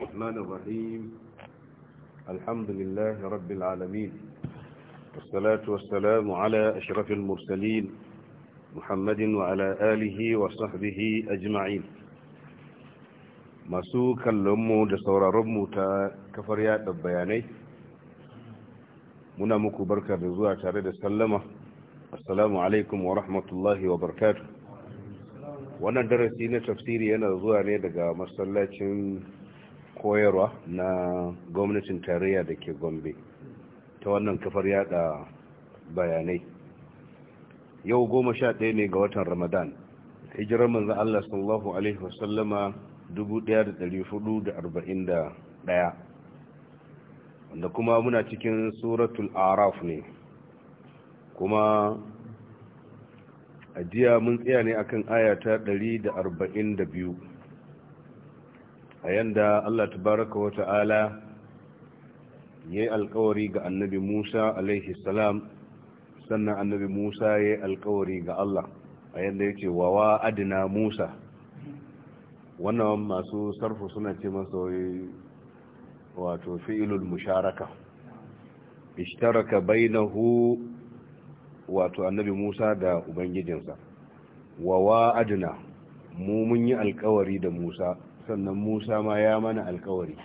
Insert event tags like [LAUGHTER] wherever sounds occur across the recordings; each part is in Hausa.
الرحمن الرحيم الحمد لله رب العالمين والصلاة والسلام على أشرف المرسلين محمد وعلى آله وصحبه أجمعين مسوك اللهم دسور رمو تكفريات البياني منامك بركة رزوة تريد السلامة السلام عليكم ورحمة الله وبركاته wannan darasi na tafsiri yana zuwa ne daga masallacin koyarwa na gwamnatin tarayya da ke gombe ta wannan kafar yada bayanai yau goma sha ɗaya ne ga watan ramadan hijirar manzan allah sallallahu alaihi wasallama 1441 wanda kuma muna cikin suratul araf ne kuma ajiya mun tsaya ne akan aya ta 142 a yanda Allah tabaraka wa ta'ala ya yi alkawari ga annabi Musa alaihi salam sannan annabi Musa ya yi alkawari ga Allah a yanda ya ce wawa adina Musa wannan masu sarfu suna ce masa wato fi'ilul musharaka ishtaraka bainahu wato annabi musa da ubangijinsa wa wa adina mu mun yi alkawari da musa sannan musa ma ya mana alkawari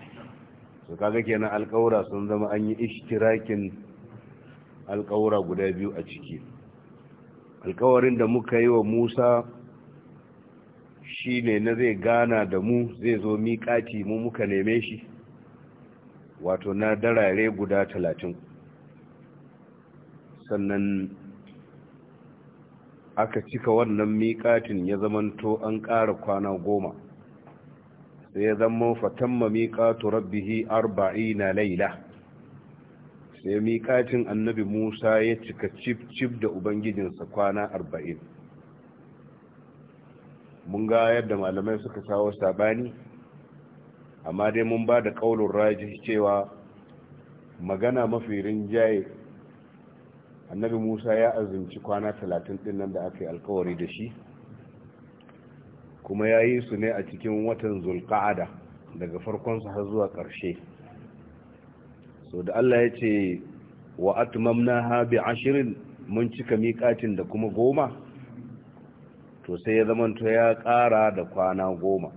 su kaga kenan alkawura sun zama an yi ishtirakin alkawura guda biyu a ciki alkawarin da muka yi wa musa shi ne na zai gana da mu zai zo miƙaci mu muka neme shi wato na darare guda talatin sannan aka cika wannan miƙatin ya zamanto an ƙara kwana goma sai ya zama fatan ma miƙatu rabbihi na laila sai miƙatin annabi musa ya cika cif-cif da ubangijinsa kwana arba'in mun ga yadda malamai suka kawo sabani amma dai mun ba da ƙaunin rajin cewa magana mafi rinjaye annabi musa ya azumci kwana talatin din nan da aka yi alkawari da shi kuma ya yi su ne a cikin watan zulka'ada daga farkonsa har zuwa ƙarshe so da allah ya ce wa atmamna ha bi ashirin mun cika miƙatin da kuma goma to sai ya zamanto ya ƙara da kwana goma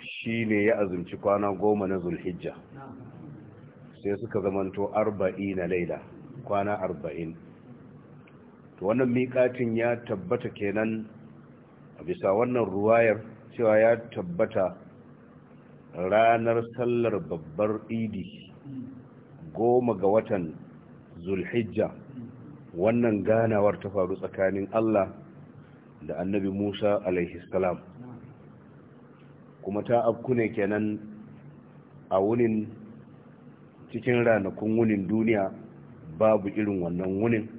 shi ne ya azumci kwana goma na zulhijja sai suka zamanto arba'i na laila kwana arba'in to wannan miƙatin ya tabbata kenan a bisa wannan ruwayar cewa ya tabbata ranar sallar babbar idi goma ga watan zulhijja wannan ganawar ta faru tsakanin Allah da annabi Musa alaihi salam kuma ta ne kenan a wunin cikin ranakun wunin duniya babu irin wannan wunin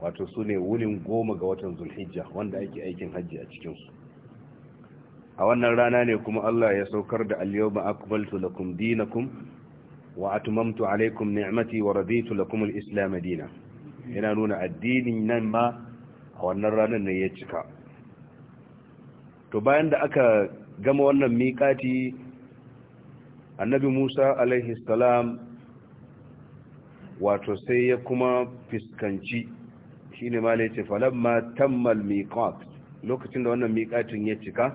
wato su ne wulin goma ga watan zulhijja wanda ake aikin hajji a cikinsu a wannan rana ne kuma Allah ya saukar da al-yawma akmaltu lakum dinakum wa atmamtu alaykum ni'mati wa raditu lakum al-islam dinan yana nuna addinin nan ma a wannan ranar ne ya cika to bayan da aka gama wannan miƙati annabi Musa alaihi salam wato sai ya kuma fiskanci shine ma yace falamma tammal miqat lokacin da wannan miqatin ya cika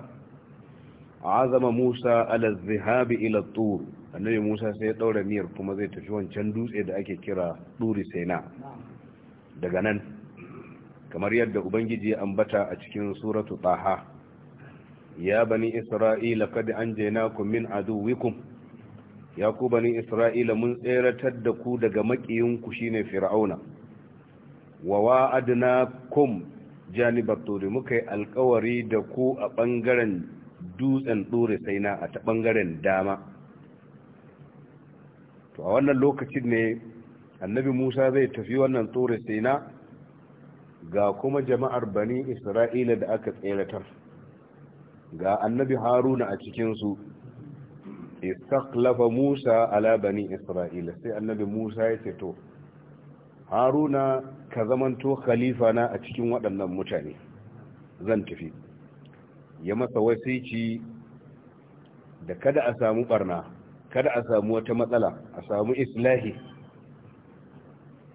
azama Musa ala zihab ila tur annabi Musa sai ya daura miyar kuma zai tafi wancan dutse da ake kira duri sena daga nan kamar yadda ubangiji ya ambata a cikin suratu taha ya bani isra'ila kad anjaynakum min aduwikum ya ku bani isra'ila mun tseratar da ku daga makiyinku shine fir'auna wa kum janibat turi muka yi alkawari da ku a bangaren dutsen dore sai na a ta bangaren dama to a wannan lokacin ne annabi Musa zai tafi wannan dore sai na ga kuma jama'ar bani Isra'ila da aka tseratar ga annabi Haruna a cikin su istaklafa Musa ala bani Isra'ila sai annabi Musa ya ce to haruna ka zamanto khalifa na a cikin waɗannan mutane zan tafi ya masa wasici da kada a samu barna kada a samu wata matsala a samu islahi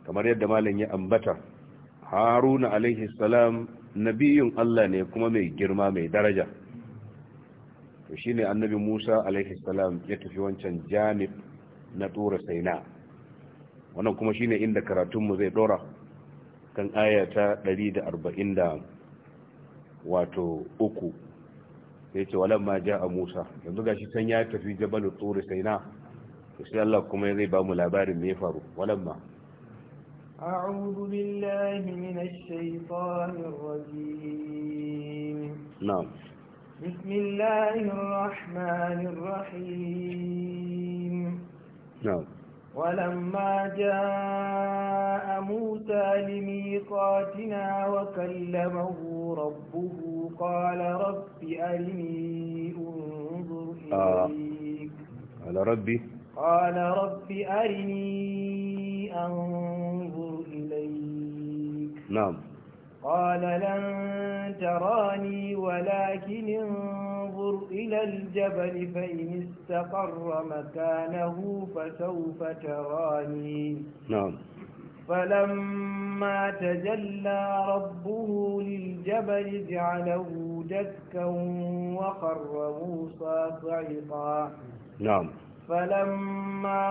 kamar yadda malam ya ambata haruna alaihi salam nabiyin allah ne kuma mai girma mai daraja to shine annabi musa alaihi salam ya tafi wancan jami'a na tura saina wannan kuma shine inda karatunmu zai dora kan aya ta 140 da wato uku sai ce walan ma ja a musa yanzu gashi can ya tafi jabalu tsuri sai na sai Allah kuma zai ba mu labarin me ya faru walan ma أعوذ بالله من الشيطان الرجيم نعم بسم الله الرحمن الرحيم نعم ولما جاء موسى لميقاتنا وكلمه ربه قال رب أرني أنظر آه. إليك آه. قال ربي قال رب أرني أنظر إليك نعم قال لن تراني ولكن انظر إلى الجبل فإن استقر مكانه فسوف تراني نعم فلما تجلى ربه للجبل جعله دكا وقر موسى صعقا نعم فلما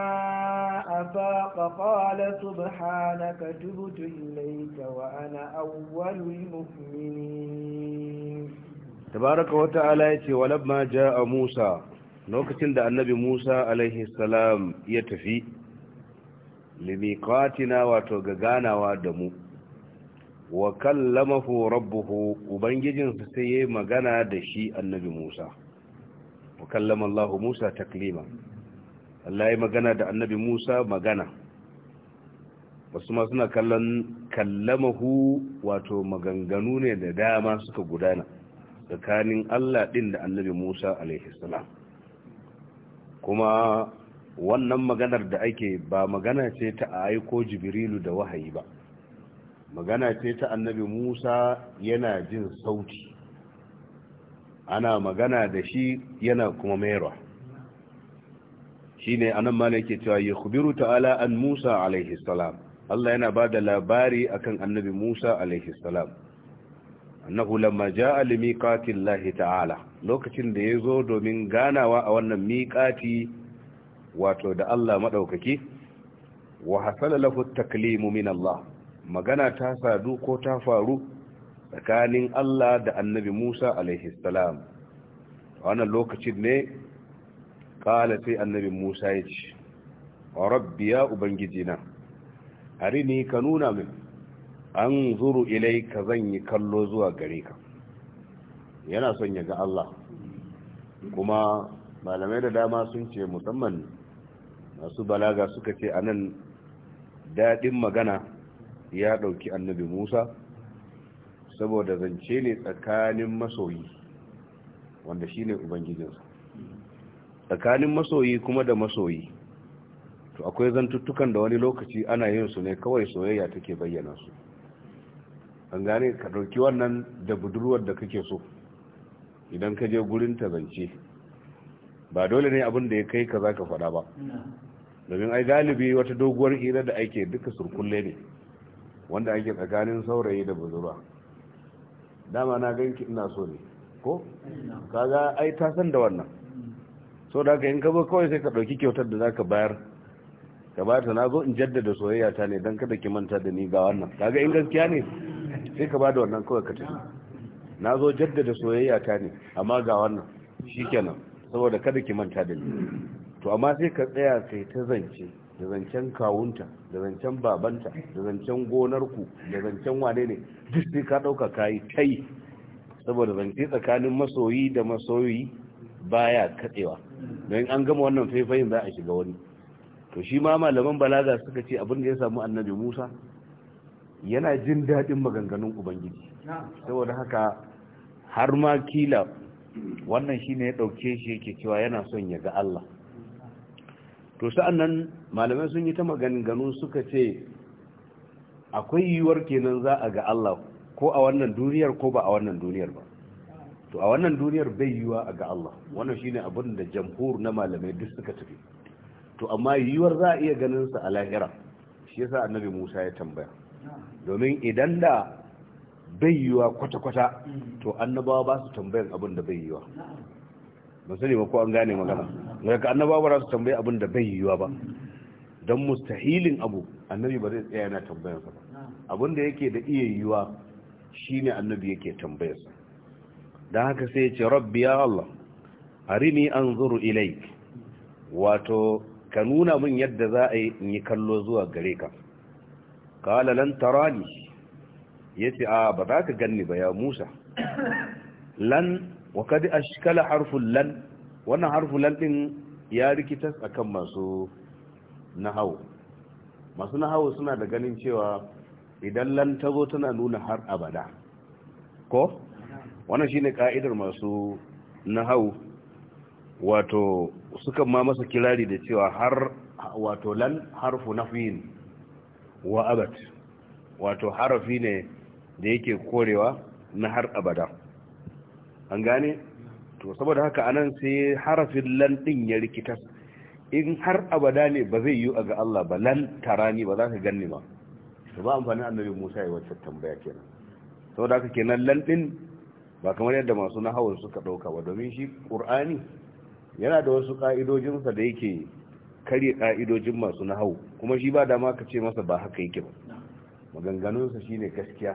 أفاق قال سبحانك تبت إليك وأنا أول المؤمنين تبارك وتعالى ولما جاء موسى lokacin da annabi Musa alaihi salam ya tafi limiqatina wato ga ganawa da mu wa kallamahu rabbuhu sai yayi magana da shi annabi Musa wa kallama Musa Allah ya magana da annabi Musa magana wasu ma suna kallon kallamahu wato maganganu ne da dama suka gudana tsakanin Allah ɗin da annabi Musa alaihissalam kuma wannan maganar da ake ba magana ce ta aiko jibrilu da wahayi ba magana ce ta annabi Musa yana jin sauti ana magana da shi yana kuma mayarwa shine anan malai ke cewa yukhbiru ta'ala an Musa alaihi salam Allah yana ba da labari akan annabi Musa alaihi salam annahu lamma ja'a li lahi ta'ala lokacin da ya zo domin ganawa a wannan miqati wato da Allah maɗaukaki, wa hasala lahu taklimu min Allah magana ta sadu ko ta faru tsakanin Allah da annabi Musa alaihi salam wannan lokacin ne kala sai annabi musa ya ce rabbi ya ubangiji na harini ka nuna min an zuru ilai ka zan yi kallo zuwa gare ka yana son ya ga allah kuma malamai da dama sun ce musamman masu balaga suka ce a nan daɗin magana ya ɗauki annabi musa saboda zance ne tsakanin masoyi wanda shine ubangijinsa tsakanin masoyi kuma da masoyi to akwai zantuttukan da wani lokaci ana yin su ne kawai soyayya take bayyana su an gane ka dauki wannan da budurwar da kake so idan ka je gurin ta zance ba dole ne abin da ya kai ka za ka faɗa ba domin ai galibi wata doguwar hira da ake duka surkulle ne wanda ake tsakanin saurayi da budurwa dama na ganki ina so ne ko Ka ga ai ta san da wannan so da haka in ka zo kawai sai ka ɗauki kyautar da za ka bayar ka ba ta na zo in jaddada soyayya ta ne don kada ki manta da ni ga wannan kaga in gaskiya ne sai ka ba da wannan kawai ka tafi na zo jaddada soyayya ta ne amma ga wannan shikenan saboda kada ki manta da ni to amma sai ka tsaya kai ta zance da zancen kawunta da zancen babanta da zancen gonarku da zancen wane ne duk sai ka ɗauka ka kayi tai saboda zance tsakanin masoyi da masoyi baya katsewa don an gama wannan faifayin za a shiga wani to shi ma malaman balaga suka ce abin da ya samu annabi musa yana jin daɗin maganganun ubangiji saboda haka har ma kila wannan shine ya ɗauke shi yake cewa yana son ya ga allah to nan malamai sun yi ta maganganu suka ce akwai yiwuwar kenan za a ga allah ko a wannan duniyar ko ba a wannan duniyar ba to a wannan duniyar bai yiwa ga Allah wannan shine abin da jamhur na malamai duk suka tafi to amma yiwuwar za a iya ganin sa a lahira shi yasa annabi Musa ya tambaya domin idan da bai yiwa kwata-kwata to annabawa ba su tambayan abin da bai yiwa ba sani ba ko an gane magana daga annabawa ba su tambaye abin da bai yiwa ba don mustahilin abu annabi ba zai tsaya yana sa ba abin da yake da iya yiwa shine annabi yake tambayarsa da haka sai ya ce rabbi ya Allah arini anzuru ilaik wato ka nuna min yadda za a yi in yi kallo zuwa gare ka kala lan tarani yace a ba za ka ganni ba ya Musa lan wa kad ashkala harful lan wannan harful lan din ya rikitas akan masu nahawu masu nahawu suna da ganin cewa idan lan ta zo tana nuna har abada ko wannan shine ka'idar masu nahau wato suka ma masa kirari da cewa har wato lan harfu nafiyin wa abad wato harafi ne da yake korewa na har abada an gane to saboda haka anan sai harafin lan din ya rikita in har abada ne ba zai yi a ga Allah ba lan tarani ba za ka ganni ba to ba amfani annabi Musa ya wacce tambaya kenan saboda haka kenan lan din ba kamar yadda masu nahawar suka ɗauka ba domin shi ƙur'ani yana da wasu ƙa'idojinsa da yake karya ƙa'idojin masu nahawu kuma shi ba dama ka ce masa ba haka yake ba maganganunsa ne gaskiya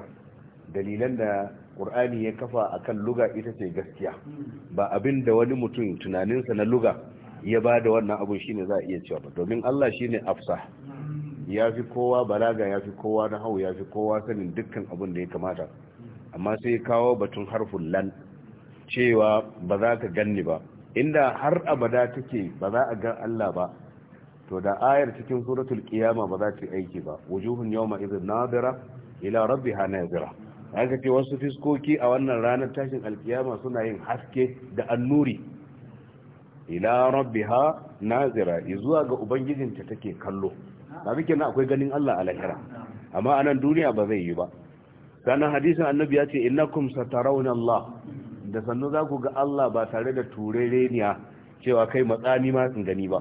dalilan da ƙur'ani ya kafa a kan luga ita ce gaskiya ba abin da wani mutum tunaninsa na luga ya ba da wannan abin ne za a iya cewa ba domin allah shi ne afsa ya fi kowa balaga ya fi kowa na ya fi kowa sanin dukkan abin da ya kamata amma sai kawo batun harfin lan cewa ba za ka ganni ba inda har abada take ba za a ga Allah ba to da ayar cikin suratul qiyama ba za ta aiki ba wujuhun yawma idhin nadira ila rabbiha nadira haka ce wasu fiskoki a wannan ranar tashin alkiyama suna yin haske da annuri ila rabbiha nazira zuwa ga ubangijinta take kallo ba bikin akwai ganin Allah a lahira amma a duniya ba zai yi ba sannan hadisin annabi ya ce innakum satarawna Allah da sannu za ku ga Allah ba tare da turereniya cewa kai matsani ma sun gani ba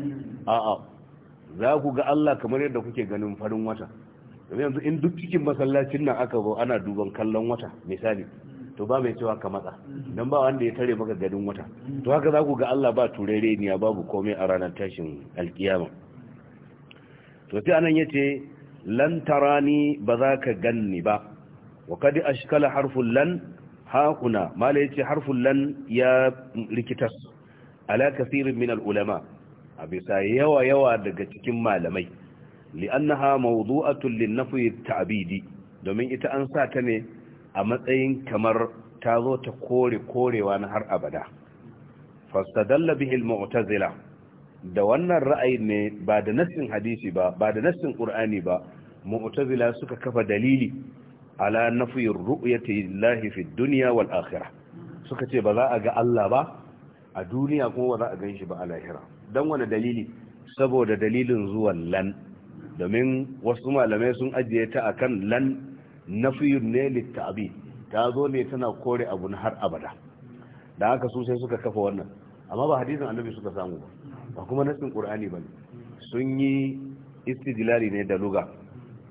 a'a za ku ga Allah kamar yadda kuke ganin farin wata domin yanzu in duk cikin masallacin nan aka zo ana duban kallon wata misali to ba mai cewa ka matsa don ba wanda ya tare maka ganin wata to haka za ku ga Allah ba turereniya babu komai a ranar tashin alkiyama to sai anan yace lan tarani ba za ka ganni ba wa kadi ashkala harfun lan hakuna mala yace harfun ya rikitas ala kathirin min al-ulama a bisa yawa yawa daga cikin malamai li'annaha mawdu'atun lin-nafyi ta'bidi domin ita an sa ta ne a matsayin kamar ta zo ta kore korewa na har abada fastadalla bihi al da wannan ra'ayi ne ba da nassin hadisi ba ba da nassin qur'ani ba mu'tazila suka kafa dalili ala nafiyar ru'yati lillahi fi dunya wal akhirah suka ce ba za a ga Allah ba a duniya kuma ba za a ganshi ba a lahira dan wani dalili saboda dalilin zuwan lan domin wasu malamai sun ajiye ta akan lan nafiyun ne litta'bi ta zo ne tana kore abu na har abada da haka su sai suka kafa wannan amma ba hadisin annabi suka samu ba ba kuma nasin qur'ani bane sun yi istidlali ne da luga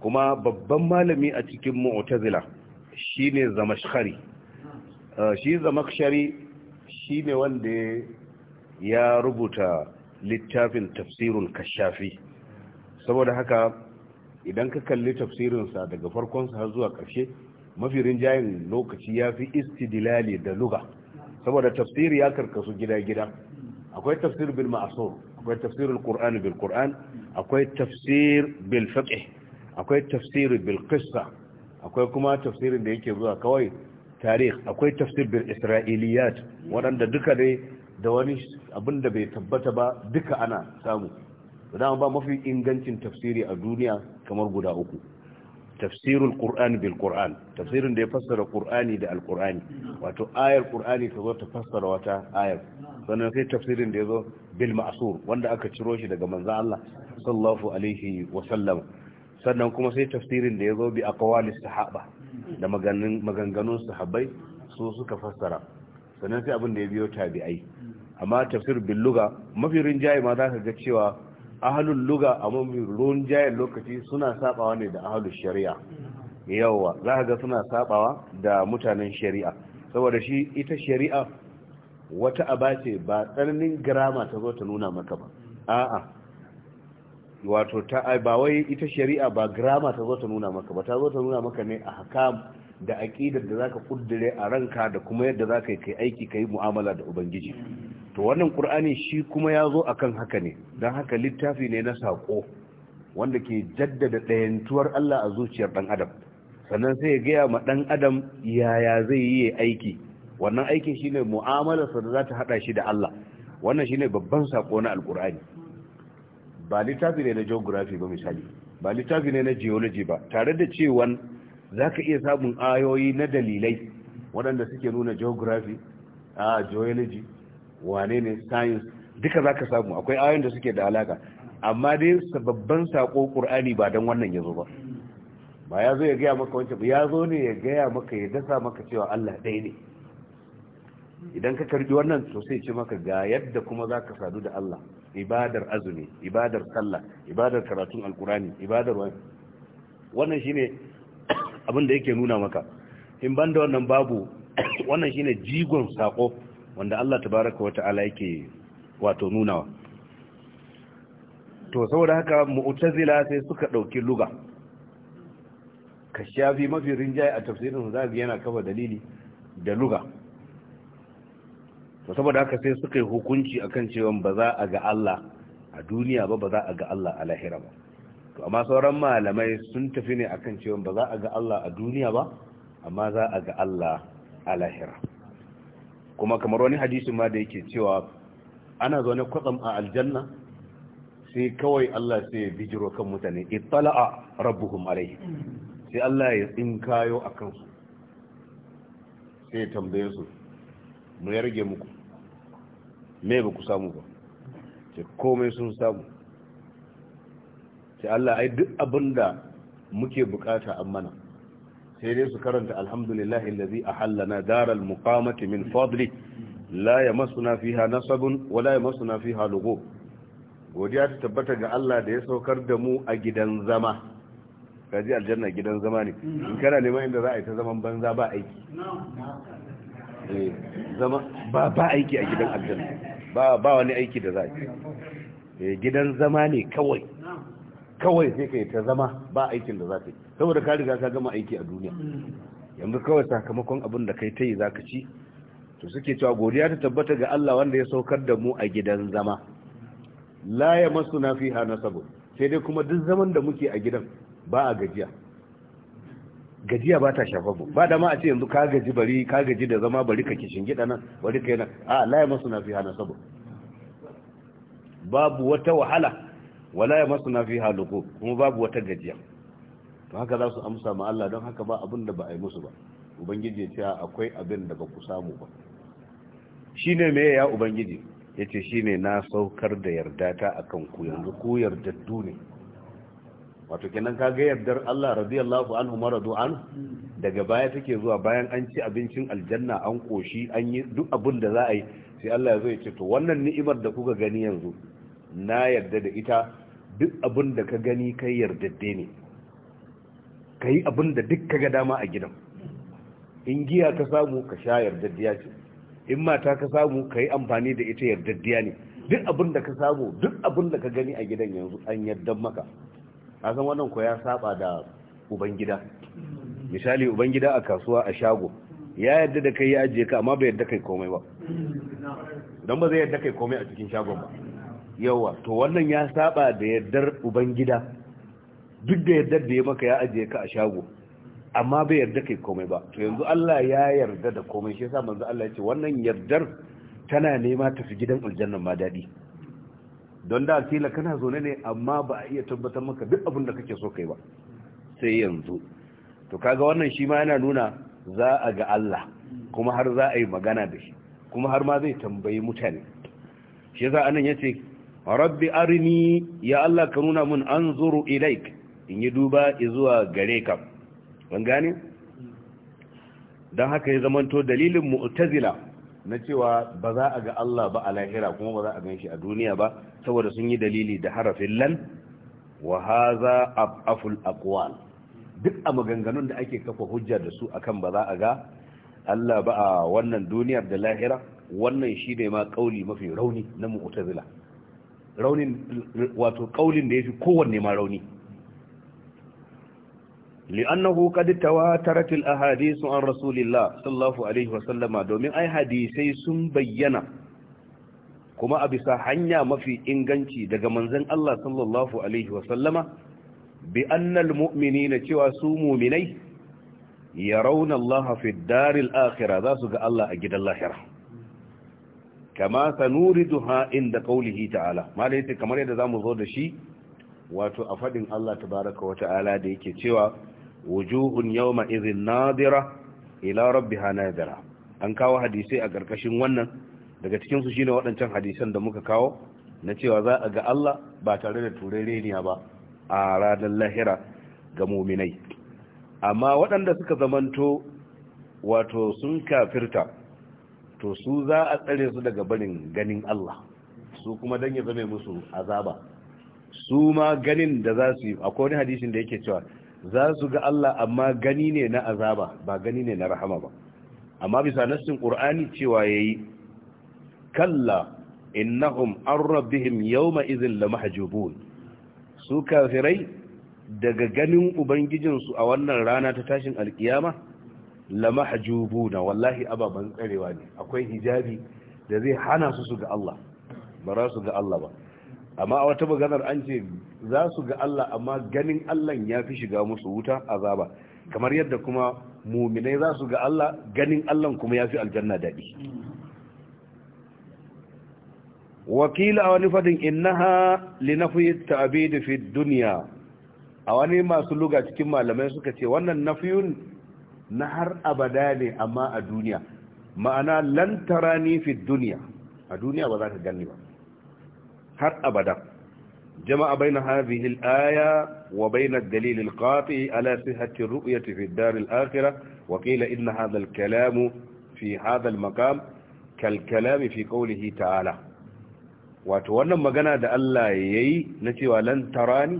kuma babban malami a cikin mu'tazila shine zamashari. Uh, shi zamashari shine wanda ya rubuta littafin tafsirul kashafi saboda haka idan ka kalli tafsirinsa daga farkonsa har zuwa ƙarshe mafi rinjayin lokaci ya fi istidilali da luga saboda tafsiri ya karkasu gida-gida akwai tafsir bil ma'asur akwai tafsirul qur'an bil qur'an akwai tafsir bil fiqh akwai tafsiri bil qissa akwai kuma tafsirin da yake zuwa kawai tarih akwai tafsir bil isra'iliyat waɗanda duka dai da wani abin da bai tabbata ba duka ana samu dama ba mafi ingancin tafsiri a duniya kamar guda uku tafsirul qur'an bil qur'an tafsirin da ya fassara qur'ani da alqur'ani wato ayar qur'ani ta zo ta fassara wata ayar sannan sai tafsirin da ya zo bil ma'sur wanda aka ciro shi daga manza Allah sallallahu alaihi wa sallam sannan kuma sai tafsirin da ya zo bi a aqwalis sahaba da maganganun sahabbai su suka fassara sannan sai abin da ya biyo tabi'ai amma tafsir bil luga mafi rinjaye ma zaka ga cewa ahlul luga amma mafi rinjaye lokaci suna sabawa ne da ahlul shari'a yawa zaka ga suna sabawa da mutanen shari'a saboda shi ita shari'a wata aba ba tsananin girama ta zo ta nuna maka ba a'a wato ta ba wai ita shari'a ba grama ta zo ta nuna maka ba ta zo ta nuna maka ne a hakam da aqidar da zaka kuddure a ranka da kuma yadda zaka kai aiki kai mu'amala da ubangiji to wannan qur'ani shi kuma ya zo akan haka ne dan haka littafi ne na sako wanda ke jaddada dayantuwar Allah a zuciyar dan adam sannan sai ya gaya ma dan adam yaya zai yi aiki wannan aikin shine mu'amalarsa da zata ta hada shi da Allah wannan shine babban sako na alqur'ani ba littafi ne na geography ba misali ba littafi ne na geology ba tare da cewan za ka iya samun ayoyi na dalilai waɗanda suke nuna geography a geology wane ne science duka za ka samu akwai ayoyin da suke da alaka amma dai babban sako ƙur'ani ba don wannan ya zo ba ba ya zo ya gaya maka wancan ba ya zo ne ya gaya maka ya dasa maka cewa allah ɗaya ne idan ka karbi wannan to sai ce maka ga yadda kuma za ka sadu da Allah ibadar azumi ibadar sallah ibadar karatun alkurani ibadar wani wannan shine abin da yake nuna maka in banda wannan babu wannan shine jigon sako wanda Allah tabaraka wata'ala yake wato nunawa to saboda haka mu'tazila sai suka dauki luga ka shafi mafi rinjaye a tafsirin zabi yana kafa dalili da luga to saboda haka sai suka yi hukunci akan cewa ba za a ga Allah a duniya ba ba za a ga Allah a lahira ba to amma sauran malamai sun tafi ne akan cewa ba za a ga Allah a duniya ba amma za a ga Allah a lahira kuma kamar wani hadisi ma da yake cewa ana zaune kwatsam a aljanna sai kawai Allah sai bijiro kan mutane ittala'a rabbuhum alayhi sai Allah ya tsinkayo akan su sai tambaye su mu yarge muku me ba ku samu ba ce komai sun samu ce Allah ai duk abin da muke bukata an mana sai dai su karanta alhamdulillah allazi ahallana daral muqamati min fadli la yamasuna fiha nasabun wa la yamasuna fiha lughub godiya ta tabbata ga Allah da ya saukar da mu a gidan zama kaji aljanna gidan zama ne in kana neman inda za a yi ta zaman banza ba aiki eh, zama ba ba aiki a gidan aljanna ba wani aiki da za eh, gidan zama ne kawai kawai sai ka yi ta zama ba aikin da za ka yi saboda ka riga ka gama aiki a duniya yanzu kawai sakamakon abin da kai ta yi za ka ci to suke cewa godiya ta tabbata ga Allah wanda ya saukar da mu a gidan zama la ya masu na fi hana sai dai kuma duk zaman da muke a gidan ba a gajiya gajiya ba ta shafa bu ba ma a ce yanzu ka gaji bari ka gaji da zama bari ka kishin gida nan bari ka yana a masu na fi hana sabo. babu wata wahala wa laye masu hana ko kuma babu wata gajiya to haka za su amsa ma Allah don haka ba abin da ba a yi musu ba ubangiji ya ce akwai abin da ba ku samu ba shine me ya ubangiji yace shine na saukar da yarda ta akan ku yanzu ku yardaddu ne wato kenan ka ga yardar Allah radiyallahu anhu maradu an daga baya take zuwa bayan an ci abincin aljanna an koshi an yi duk abin da za a yi sai Allah ya zo ya ce to wannan ni'imar da kuka gani yanzu na yarda da ita duk abin da ka gani kai yardadde ne ka yi abin da duk ka ga dama a gidan in giya ka samu ka sha yardaddiya ce in mata ka samu ka yi amfani da ita yardaddiya ne duk abin da ka samu duk abin da ka gani a gidan yanzu an yardan maka san wannan ko ya saba da ubangida misali ubangida a kasuwa a shago ya yadda da kai ya ajiye ka amma bai yadda kai komai ba don ba zai yadda kai komai a cikin shagon ba yawa to wannan ya saba da yardar ubangida duk da yardar da ya maka ya ajiye ka a shago amma bai yarda kai komai ba to yanzu Allah ya yarda da komai shi yasa manzo Allah ya ce wannan yardar tana nema ta fi gidan aljanna ma dadi don da kila kana zaune ne amma ba a iya tabbatar maka duk abin da kake so kai ba sai yanzu to kaga wannan shi ma yana nuna za a ga Allah kuma har za a yi magana da shi kuma har ma zai tambayi mutane shi za anan yace rabbi arini ya Allah ka nuna mun anzuru ilaik in yi duba zuwa gare ka ban gane dan haka ya zamanto dalilin mu'tazila na cewa ba za a ga Allah ba a lahira kuma ba za a gan shi a duniya ba saboda sun yi dalili da harafin lan wa haza af'aful aqwal duk a maganganun da ake kafa hujja da su akan ba za a ga Allah ba a wannan duniyar da lahira wannan shi ne ma kauli mafi rauni na mu'tazila raunin wato kaulin da yafi kowanne ma rauni li'annahu qad tawatarat al-ahadith an rasulillah sallallahu alaihi sallama domin ai hadisai sun bayyana kuma a bisa hanya mafi inganci daga manzon Allah sallallahu alaihi sallama bi annal mu'minina cewa su mu'minai yarawna Allah fi daril akhirah za su ga Allah a gidan lahira kama sanuriduha inda qawlihi ta'ala malai kamar yadda zamu zo da shi wato a fadin Allah tabaraka wa ta'ala da yake cewa wujuhun yawma idhin nadira ila rabbiha an kawo hadisi a karkashin wannan daga cikin su shine waɗancan hadisan da muka kawo na cewa za a ga Allah ba tare da turereniya ba a ranar lahira ga muminai amma waɗanda suka zamanto wato sun kafirta to su za a tsare su daga barin ganin Allah su kuma dan ya zame musu azaba su ma ganin da za su yi akwai wani hadisin da yake cewa za su ga Allah amma gani ne na azaba ba gani ne na rahama ba amma bisa nassin qur'ani cewa yayi kalla innahum an rabbihim yawma idhin lamahjubun su kafirai daga ganin ubangijinsu a wannan rana ta tashin alkiyama lamahjubuna wallahi ababan tsarewa ne akwai hijabi da zai hana su su ga Allah ba za su ga Allah ba amma a wata maganar an ce za su ga Allah amma ganin Allah ya fi shiga musu wuta azaba kamar yadda kuma muminai za su ga Allah ganin Allah kuma ya fi aljanna daɗi wakila a wani fadin innaha linafi na fi duniya a wani masu luga cikin malamai suka ce wannan nafiyun na har abada ne amma a duniya ma'ana ni fi duniya a duniya ba za ka gani ba har abada jama'a baina hadhihi al-aya wa baina ad-dalil al-qati ala sihhati ar-ru'yati fi ad-dar al-akhirah wa qila inna hadha al-kalam fi hadha al-maqam kal kalam fi qawlihi ta'ala wato wannan magana da Allah yayi na cewa lan tarani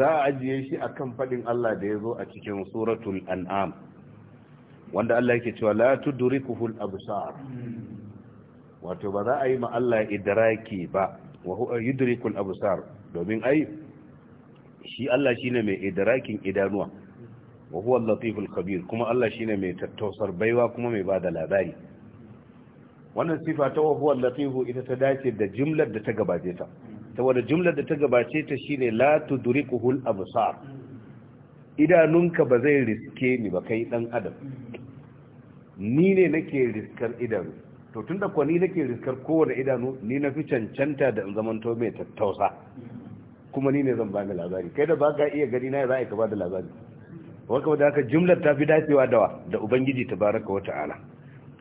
za a ajiye shi akan fadin Allah da yazo a cikin suratul an'am wanda Allah yake cewa la tudrikuhu al-absar wato ba za a yi ma Allah idraki ba wa huwa yudrikul absar domin ai shi Allah shine mai idrakin idanuwa wa huwa latiful khabir kuma Allah shine mai tattausar baiwa kuma mai bada labari wannan sifa ta wa huwa latifu ita ta dace da jumlar da ta gabace ta saboda jumlar da ta gabace ta shine la tudrikuhul absar idanunka ba zai riske ni ba kai dan adam ni ne nake riskar idanu to tun da kwani nake riskar kowane idanu ni na fi cancanta da zamanto mai tattausa kuma ni ne zan ba da labari kai da ba ka iya ganina na za a yi ba da labari Wanka da haka jumlar ta fi dacewa da da ubangiji baraka wa ta'ala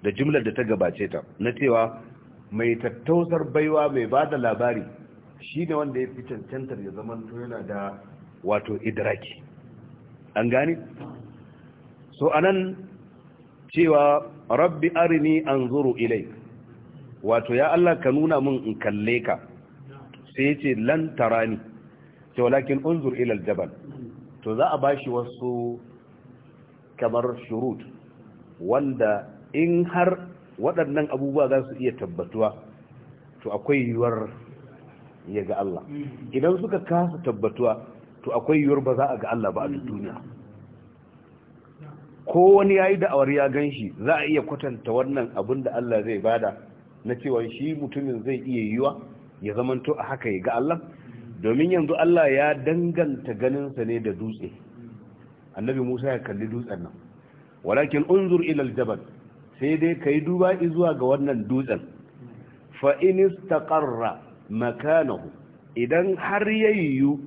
da jumlar da ta gabace ta na cewa mai tattausar baiwa mai ba da labari shi ne wanda ya fi cancantar ya zaman to yana da wato idraki an gane so anan cewa rabbi arini anzuru ilai, wato ya Allah ka nuna min in kalle ka sai yace lan tarani ce walakin unzur ila aljabal to za a bashi wasu kamar shurut wanda in har waɗannan abubuwa za su iya tabbatuwa to akwai yiwuwar ya ga Allah idan suka kasa tabbatuwa to akwai yiwuwar ba za a ga Allah ba a duniya ko wani ya yi da'awar ya gan shi za a iya kwatanta wannan abin da Allah zai bada na cewa shi mutumin zai iya yiwa ya zamanto a haka ya ga Allah domin yanzu Allah ya danganta ganinsa ne da dutse annabi Musa ya kalli dutsen nan walakin unzur ila aljabal sai dai kai duba zuwa ga wannan dutsen fa in istaqarra makanahu idan har yayyu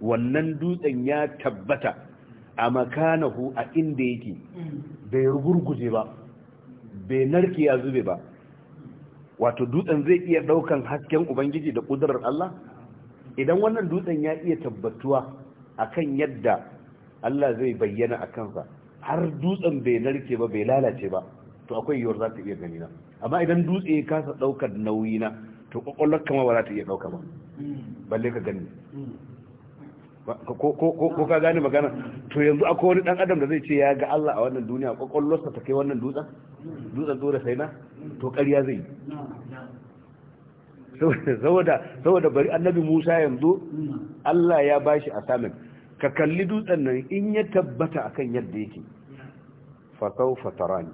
wannan dutsen ya tabbata a makanahu a inda yake bai rugurguje ba bai narke ya zube ba wato dutsen zai iya daukan hasken ubangiji da kudurar Allah idan wannan dutsen ya iya tabbatuwa akan yadda Allah zai bayyana a kansa har dutsen bai narke ba bai lalace ba to akwai yiwuwar za ta iya gani na amma idan dutse ya kasa daukar nauyi na to kwakwalwar kama ba za ta iya dauka ba balle ka gani ko ka gane magana to yanzu akwai wani dan adam da zai ce ya ga Allah a wannan duniya kwakwalwarsa ta kai wannan dutsen dutsen zo sai na to ƙarya zai saboda saboda bari annabi Musa yanzu Allah ya bashi asamin ka kalli dutsen nan in ya tabbata akan yadda yake fa sawfa tarani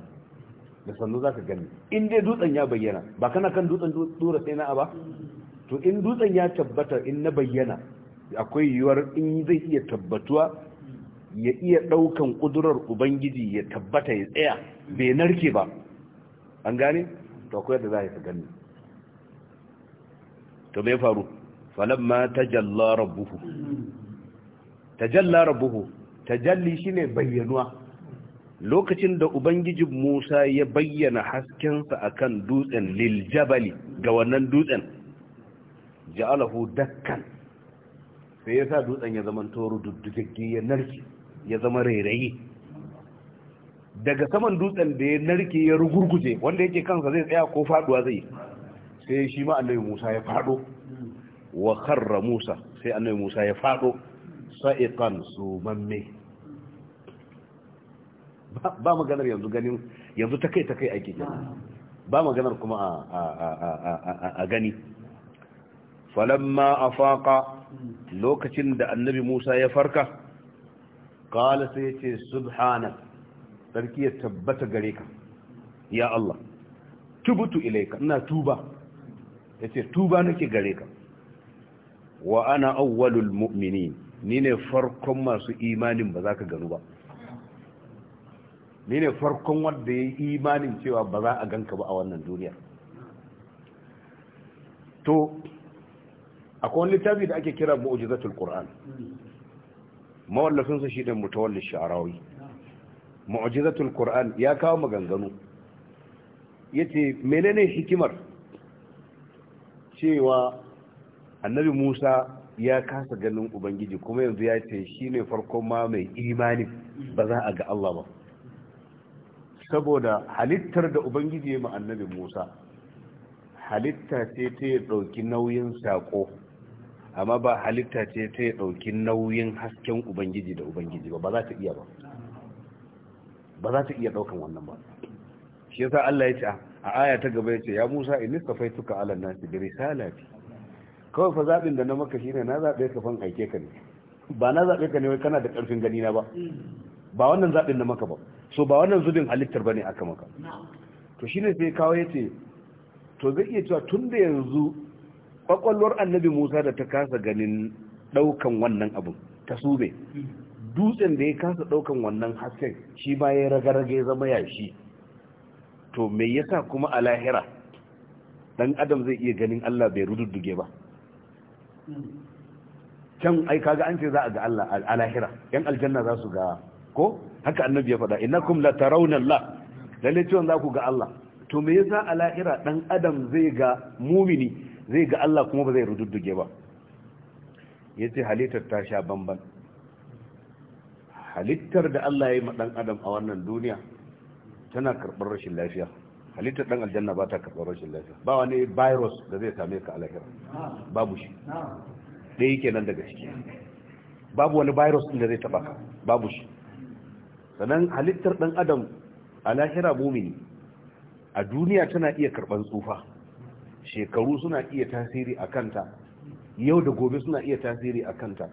da sannu zaka gani in dai dutsen ya bayyana ba kana kan dutsen dura sai na ba to in dutsen ya tabbata in na bayyana akwai yiwuwar in zai iya tabbatuwa ya iya ɗaukan ƙudurar ubangiji ya tabbata ya tsaya bai narke ba an gane to akwai da za a yi gani to bai faru falamma tajalla rabbuhu tajalla rabbuhu tajalli shine bayyanuwa lokacin da ubangijin Musa ya bayyana haskensa akan dutsen liljabali ga wannan dutsen ja'alahu dakkan sai ya sa dutsen ya zama toro duddugagge ya narke ya zama rairayi. daga saman dutsen da ya narke ya rugurguje wanda yake kansa zai tsaya ko faduwa zai sai shi ma annabi Musa ya fado wa kharra Musa sai annabi Musa ya fado sa'iqan sumamme ba maganar yanzu ganin yanzu ta kai ta kai ake kenan ba maganar kuma a gani falamma afaqa lokacin da annabi Musa ya farka kala sai ya ce subhana sarki ya tabbata gare ka ya Allah tubutu ilaika ina tuba ya ce tuba nake gare ka wa ana awwalul mu'minin ni ne farkon masu imanin ba za ka gano ba ni ne farkon wanda ya yi imanin cewa ba za a ganka ba a wannan duniya to akwai wani littafi da ake kira mu'jizatul qur'an mawallafin sa shi dan mutawalli sha'rawi mu'jizatul qur'an ya kawo maganganu yace menene hikimar cewa annabi Musa ya kasa ganin ubangiji kuma yanzu ya ce shine farko ma mai imani ba za a ga Allah ba saboda halittar da ubangiji ya ma annabi Musa halitta ce ta yi ɗauki nauyin sako amma ba halitta ce ta ɗauki nauyin hasken ubangiji da ubangiji ba ba za ta iya ba ba za ta iya ɗaukan wannan ba shi yasa Allah ya ce a aya ta gaba ya ce ya Musa inni safaituka ala nasi bi risalati kawai fa zabin da na maka shine na zabe ka fan aike ka ne ba na zabe ka ne wai kana da karfin gani na ba ba wannan zabin na maka ba so ba wannan zubin halittar bane aka maka to shine sai kawai ya ce to zai iya cewa tun da yanzu kwakwalwar annabi musa da ta kasa ganin daukan wannan abun, ta sube dutsen da ya kasa daukan wannan hasken shi ba ya ragarage zama yashi to me yasa kuma a lahira dan adam zai iya ganin Allah bai rududduge ba can ai kaga an ce za a ga Allah a lahira yan aljanna za su ga ko haka annabi ya faɗa ina la tarawna Allah lalle ciwon za ku ga Allah to me yasa a lahira dan adam zai ga mumini zai ga Allah kuma ba zai rududduge ba ya ce halittar ta sha bamban halittar da Allah ya yi ɗan adam a wannan duniya tana karɓar rashin lafiya halittar ɗan aljanna ba ta karɓar rashin lafiya ba wani virus da zai same ka a lahira babu shi ɗaya yake nan daga ciki babu wani virus ɗin da zai taɓa ka babu shi sannan halittar ɗan adam a lahira mumini a duniya tana iya karɓar tsufa shekaru suna iya tasiri a kanta yau da gobe suna iya tasiri a kanta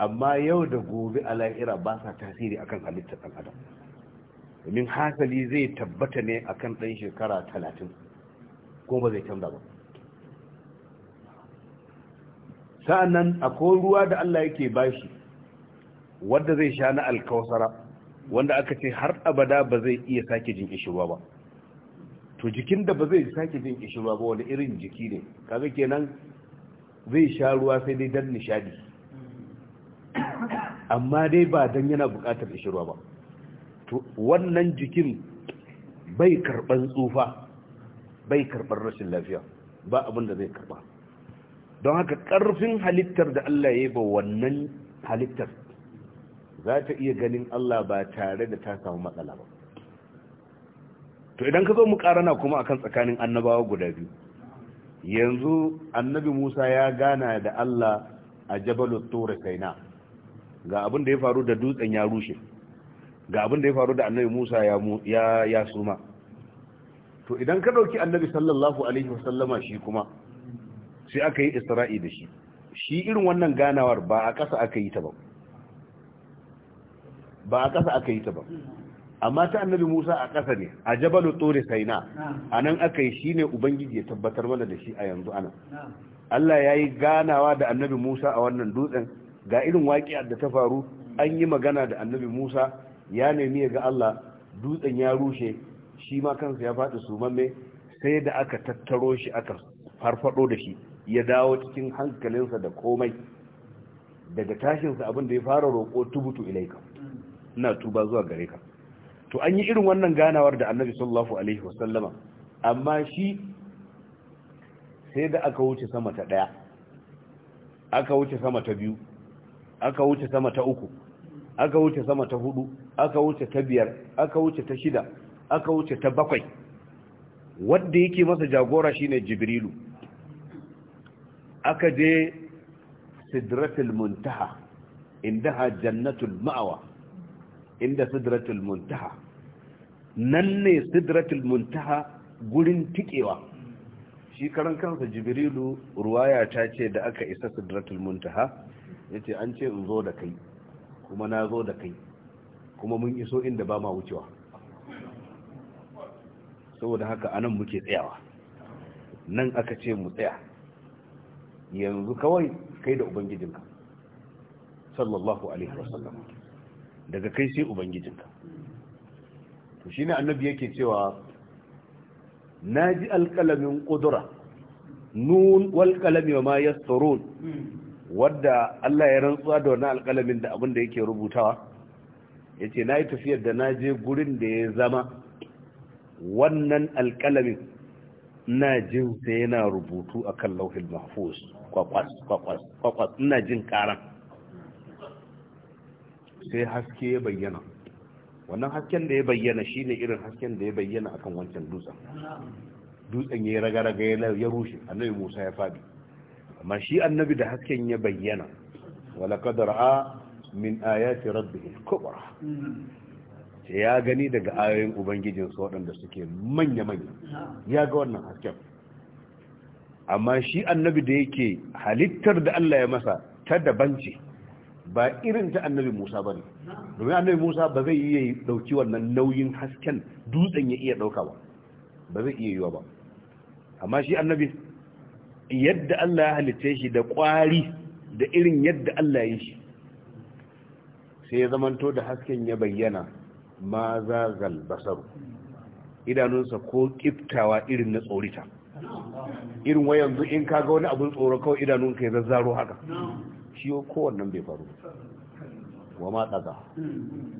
amma yau da gobe a lahira ba sa tasiri a kan halittar ɗan adam domin hasali zai tabbata ne a kan ɗan shekara talatin ko ba zai canza ba nan akwai ruwa da Allah yake bashi wadda zai sha na alkawasara wanda aka ce har abada ba zai iya sake jin ishirwa ba to jikin da ba zai sake jin kishirwa ba wani irin jiki ne kaga kenan zai sha ruwa sai dai dan nishadi amma dai ba dan yana bukatar kishirwa ba to wannan jikin bai karban tsufa bai karban rashin lafiya ba abin da zai karba don haka karfin halittar da Allah ya yi ba wannan halittar za ta iya ganin Allah ba tare da ta samu matsala ba to idan ka zo mu karana kuma akan tsakanin annabawa guda biyu yanzu annabi Musa ya gana da Allah a Jabalut Tur Kaina ga abin da ya faru da dutsen ya rushe ga abin da ya faru da annabi Musa ya ya suma to idan ka dauki annabi sallallahu alaihi wasallama shi kuma sai aka yi Isra'i da shi shi irin wannan ganawar ba a ƙasa aka yi ta ba ba a ƙasa aka yi ta ba amma ta annabi Musa a ƙasa ne a jabalu tsore saina a nan aka yi shi ne ubangiji ya tabbatar mana da shi a yanzu ana Allah ya yi ganawa da annabi Musa a wannan dutsen ga irin waƙi da ta faru an yi magana da annabi Musa ya nemi ya ga Allah dutsen ya rushe shi ma kansa ya faɗi sumamme sai da aka tattaro shi aka farfaɗo da shi ya dawo cikin hankalinsa da komai daga tashinsa abin da ya fara roƙo tubutu ilaika mm. ina tuba zuwa gare ka to an yi irin wannan ganawar da annabi sallallahu alaihi wasallama amma shi sai da aka wuce sama ta ɗaya aka wuce sama ta biyu aka wuce sama ta uku aka wuce sama ta hudu aka wuce ta biyar aka wuce ta shida aka wuce ta bakwai wadda yake masa jagora shine jibrilu aka je sidratul muntaha indaha jannatul ma'awa inda sidratul muntaha nan ne sidratul muntaha gurin tikewa shi karan kansa jibrilu ruwaya ta ce da aka isa sidratul muntaha yace an ce in zo da kai kuma na zo da kai kuma mun iso inda ba ma wucewa saboda haka anan muke tsayawa nan aka ce mu tsaya yanzu kawai kai da ubangijinka sallallahu alaihi wasallam daga kai sai ubangijinka to shine annabi yake cewa ji alƙalamin ƙudura nun walƙalami wa ma yasturun wadda Allah ya rantsuwa da wani alƙalamin da abinda yake rubutawa Ya ce na yi tafiyar da na je gurin da ya zama wannan alƙalamin ina jin sai yana rubutu a kan lauhil mahfuz kwakwas kwakwas ina jin ƙaran sai haske ya bayyana wannan hasken da ya bayyana shine irin hasken da ya bayyana akan wancan dutsen dutsen ya raga-raga ya rushe annabi musa ya faɗi amma shi annabi da hasken ya bayyana wala a min ayati rabbihil kubra sai ya gani daga ayoyin su waɗanda suke manya-manya ya ga wannan hasken amma shi annabi da yake halittar da Allah ya masa ta daban ce ba irin ta annabi musa ba ne domin annabi musa ba zai iya dauki wannan nauyin hasken dutsen ya iya dauka ba ba zai iya yiwa ba amma shi annabi yadda allah ya halitta shi da kwari da irin yadda allah ya yi shi sai ya zamanto da hasken ya bayyana ma zagal basaru idanunsa ko kiftawa irin na tsorita irin wayanzu in kaga wani abin tsoro kawai idanunka ya zazzaro haka ko kowannan bai faru wa ma tsaga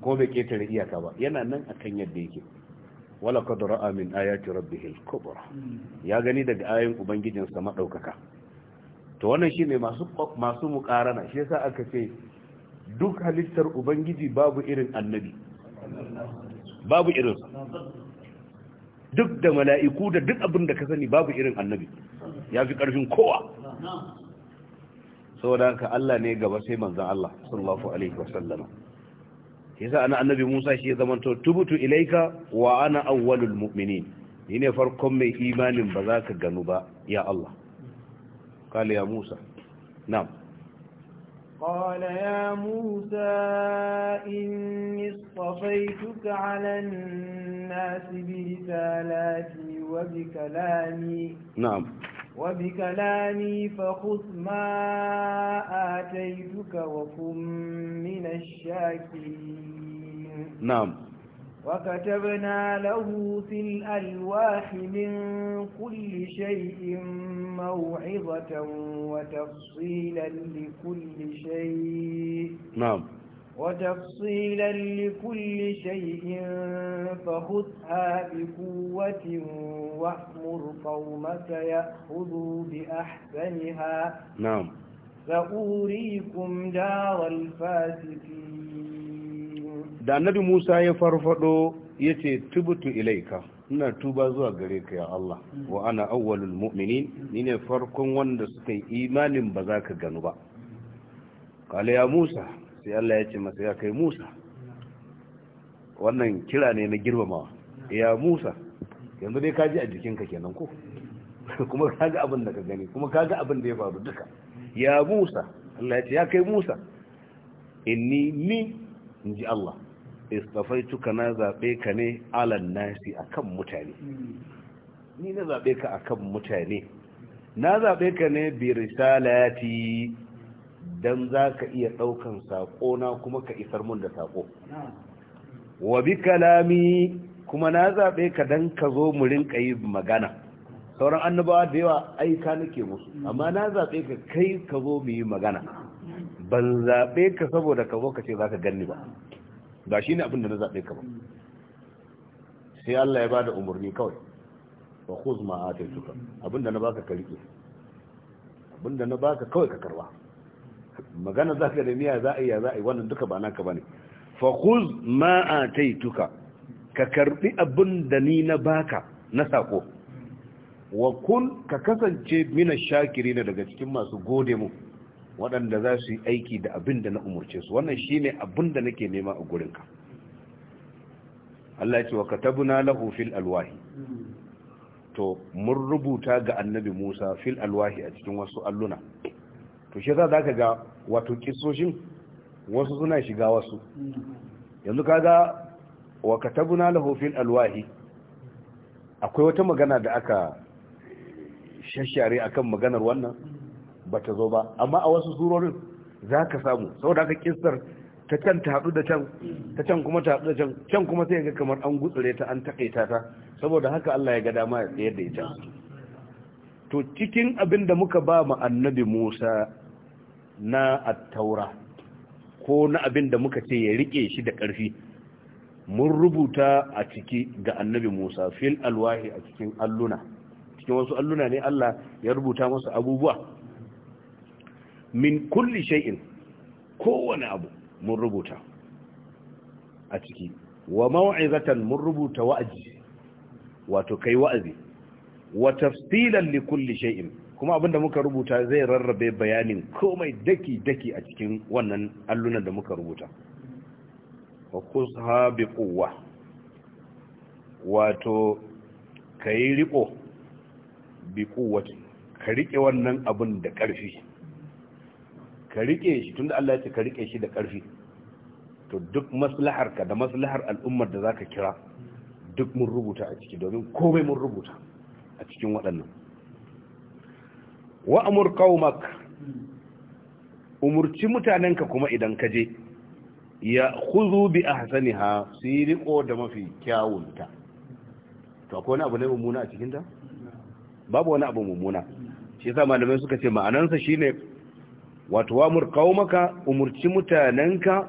ko bai ketare iyaka ba yana nan a kan yadda yake wala qad ra'a min ayati rabbih al-kubra ya gani daga ayoyin ubangijinsa madaukaka to wannan shine masu masu mukarana shi yasa aka ce duk halittar ubangiji babu irin annabi babu irin duk da mala'iku da duk abin da ka sani babu irin annabi ya fi ƙarfin kowa saboda haka Allah ne gaba sai manzan Allah sallallahu alaihi wasallam yasa ana annabi Musa shi ya zamanto tubutu ilaika wa ana awwalul mu'minin ni farkon mai imanin ba za ka ganu ba ya Allah kala ya Musa na'am قال يا موسى إني اصطفيتك على الناس برسالاتي وبكلامي na'am. وبكلامي فخذ ما آتيتك وكن من الشاكرين نعم وكتبنا له في الألواح من كل شيء موعظة وتفصيلا لكل شيء نعم وتفصيلا لكل شيء فخذها بقوة واحمر قومك يأخذوا بأحسنها نعم سأوريكم دار الفاسقين da annabi Musa ya farfado yace tubtu ilaika ina tuba zuwa gare ka ya Allah hmm. wa ana awwalul mu'minin ni ne farkon wanda suka yi imanin ba za ka ganu ba qala Musa sai Allah ya ce masa ya kai Musa wannan kira ne na girmamawa ya Musa yanzu dai kaji a jikinka kenan ko [LAUGHS] kuma kaga abin da ka gani kuma kaga abin da ya faru duka ya Musa Allah ya ce ya kai Musa inni ni inji Allah istafaituka na zabe ka ne alan nasi akan mutane ni na zabe ka akan mutane na zabe ka ne bi risalati dan za ka iya ɗaukan saƙo na kuma ka isar mun da saƙo wa bi kalami kuma na zaɓe ka dan ka zo mu rinka yi magana sauran annabawa da yawa aika nake musu amma na zaɓe ka kai ka zo mu yi magana ban zaɓe ka saboda ka zo ka ce za ka ganni ba ba shi ne abin da na zaɓe ka ba mm. sai Allah ya bada umarni kawai wa khuz ma mm. Abin abinda na baka ka Abin abinda na baka kawai ka karba magana za ka da miya za'a a yi ya wannan duka ba naka ba ne faƙuz ma'a ka karɓi abin da ni na baka na sako wa kun ka kasance mina shakirina daga cikin masu gode mu waɗanda za su yi aiki da abin da na umarce su wannan shi ne abin da nake nema a gurinka Allah ya ce wa katabuna lahu fil alwahi to mun rubuta ga annabi Musa fil alwahi a cikin wasu alluna to shi za ka ga wato kisoshin wasu suna shiga wasu yanzu kaga wa katabuna alwahi akwai wata magana da aka shashare akan maganar wannan bata zo ba amma a wasu surorin ka samu saboda aka kistar ta can ta haɗu da can ta can kuma ta haɗu da can can kuma sai ga kamar an gutsure ta an taƙaita ta saboda haka Allah ya ga dama ya tsayar da ita to cikin abin da muka ba mu annabi Musa na attaura ko na abin da muka ce ya rike shi da ƙarfi mun rubuta a ciki ga annabi musa fil alwahi a cikin alluna cikin wasu alluna ne allah ya rubuta masu abubuwa min kulli shay'in kowane abu mun rubuta a ciki wa maw'izatan mun rubuta wa'azi wato kai wa'azi wa tafsilan li kulli shay'in kuma abin da muka rubuta zai rarrabe bayanin komai daki-daki a cikin wannan allunan da muka rubuta wa kusa bi kowa wato ka yi riko bi kowace ka rike wannan abin da ƙarfi ka rike shi tun da Allah ya ce ka rike shi da ƙarfi to duk maslaharka da maslahar al'ummar da za ka kira duk mun rubuta a ciki domin komai mun rubuta a cikin waɗannan wa amur qaumak umurci mutanenka kuma idan ka je ya khudhu bi ahsaniha su yi riko da mafi kyawunta to akwai wani abu ne mummuna a cikin ta babu wani abu mummuna shi yasa malamai suka ce ma'anansa shine wato wa amur qaumaka umurci mutanenka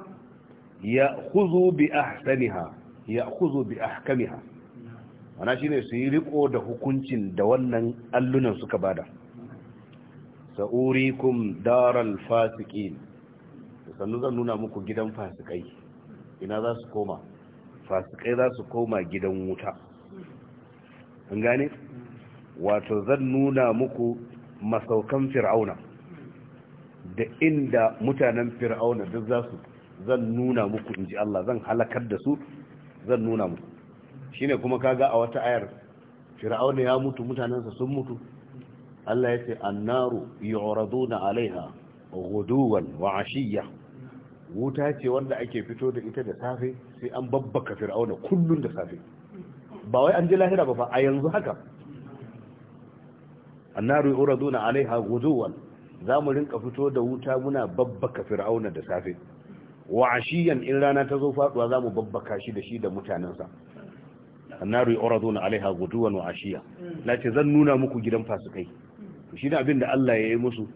ya khudhu bi ahsaniha ya khudhu bi ahkamiha shi shine su yi riko da hukuncin da wannan allunan suka bada sa'urikum daral fasikin sannu zan nuna muku gidan fasikai ina za su koma fasikai za su koma gidan wuta an gane wato zan nuna muku masaukan fir'auna da inda mutanen fir'auna duk za su zan nuna muku in ji Allah zan halakar da su zan nuna muku shine kuma kaga a wata ayar fir'auna ya mutu mutanensa sun mutu Allah ya ce annaru yu'raduna alaiha ghuduwan wa ashiya wuta ce wanda ake fito da ita da safe sai an babbaka fir'auna kullun da safe ba wai an ji lahira ba fa a yanzu haka annaru yu'raduna alaiha ghuduwan za mu rinka fito da wuta muna babbaka fir'auna da safe wa ashiyan in rana ta zo faduwa za mu babbaka shi da shi da mutanensa annaru yu'raduna alaiha guduwan wa ashiya nace zan nuna muku gidan fasikai to shi ne abin da Allah ya yi musu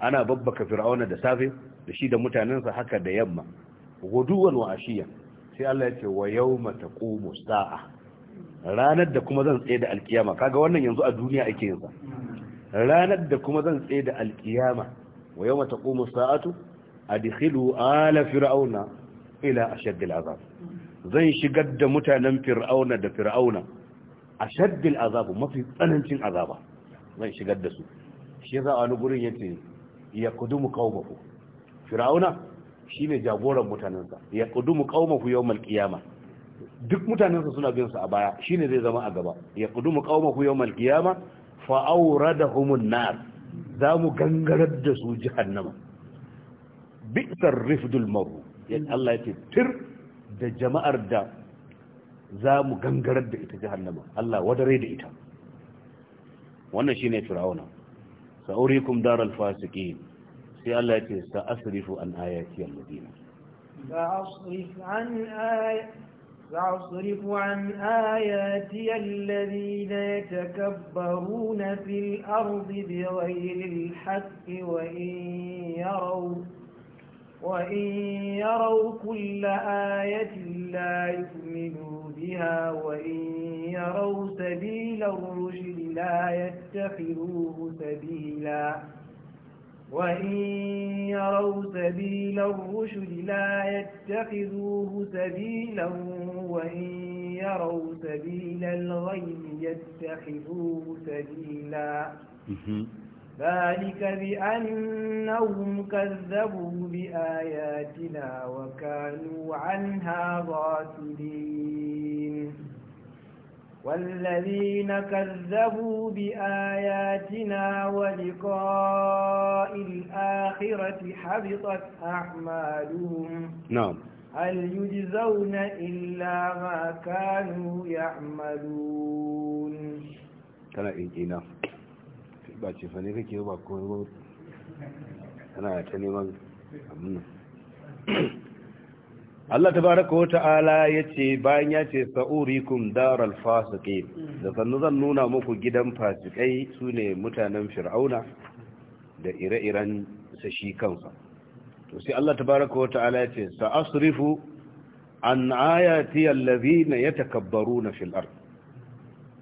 ana babbaka fir'auna da safe da shi da mutanensa haka da yamma guduwan wa ashiya sai Allah ya ce wa yawma taqumu sa'a ranar da kuma zan tsaye da alkiyama kaga wannan yanzu a duniya ake yin sa ranar da kuma zan tsaye da alkiyama wa yawma taqumu sa'atu adkhilu ala fir'auna ila ashadd al'azab zan shigar da mutanen fir'auna da fir'auna ashadd al'azab mafi tsanancin azaba zan shigar da su shi za a wani gurin yace ya kudumu qaumahu fir'auna shine jagoran mutanensa ya kudumu qaumahu yawmal qiyama duk mutanensa suna bin sa a baya shine zai zama a gaba ya kudumu qaumahu yawmal qiyama fa awradahumun nar za mu gangarar da su jahannama bi'sar rifdul maru Allah ya ce tir da jama'ar da za mu gangarar da ita jahannama Allah wadare da ita wannan shine fir'auna sa'urikum daral fasikin sai Allah ya ce sa'asrifu an ayati al madina sa'asrif an ayati سأصرف عن آياتي الذين يتكبرون في الأرض بغير الحق وإن يروا وإن يروا كل آية لا يؤمنوا بها وإن يروا سبيل الرشد لا يتخذوه سبيلا وإن يروا سبيل الرشد لا يتخذوه سبيلا وإن يروا سبيل الغيب يتخذوه سبيلا ذلك بأنهم كذبوا بآياتنا وكانوا عنها غافلين والذين كذبوا بآياتنا ولقاء الآخرة حبطت أعمالهم نعم هل يجزون إلا ما كانوا يعملون كان إنجينا باشي فنيكي كيوبا كويبا أنا أتني مغ أمنا Allah tabaraka wa ta'ala yace bayan yace sa'urikum daral fasiqin da sannu zan nuna muku gidan fasikai sune mutanen fir'auna da ire-iren sa shi kansa to sai Allah tabaraka wa ta'ala yace sa'asrifu an ayati allazina yatakabbaruna fil ard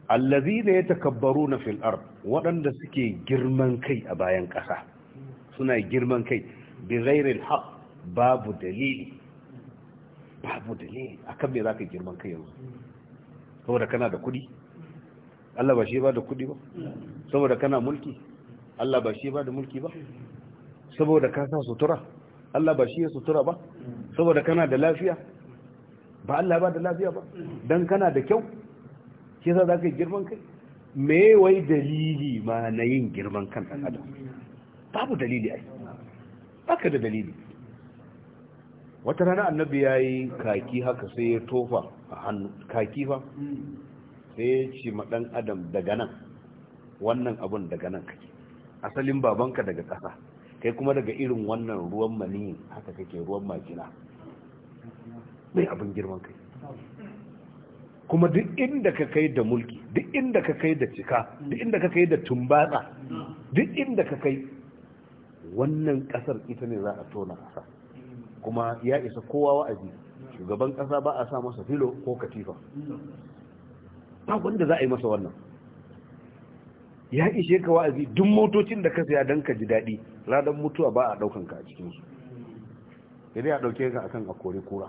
allazina yatakabbaruna fil ard wadanda suke girman kai a bayan kasa suna girman kai bi ghairi al babu dalili babu a kan me zaka girman kai yanzu saboda kana da kudi Allah ba shi ba da kudi ba saboda kana mulki Allah ba shi ba da mulki ba saboda ka sa sutura Allah ba shi ya sutura ba saboda kana da lafiya ba Allah ba da lafiya ba dan kana da kyau shi yasa zaka girman kai me wai dalili ma na yin girman kan dan adam babu dalili ai baka da dalili wata rana annabi ya yi kaki haka sai ya tofa a hannu kaki fa sai ya ce maɗan adam daga nan wannan abun daga nan kake asalin babanka daga ƙasa kai kuma daga irin wannan ruwan mani haka kake ruwan majina mai abin girman kai kuma duk inda ka kai da mulki duk inda ka kai da cika duk inda ka kai da tumbatsa duk inda ka kai wannan ƙasar ita ne za a tona ƙasa kuma ya isa kowa wa'azi shugaban ƙasa ba a sa masa filo ko katifa ba wanda za a yi masa wannan ya ishe ka wa'azi duk motocin da ka saya don ka ji daɗi ladan mutuwa ba a ɗaukan ka a cikinsu idan ya ɗauke ka akan kore kura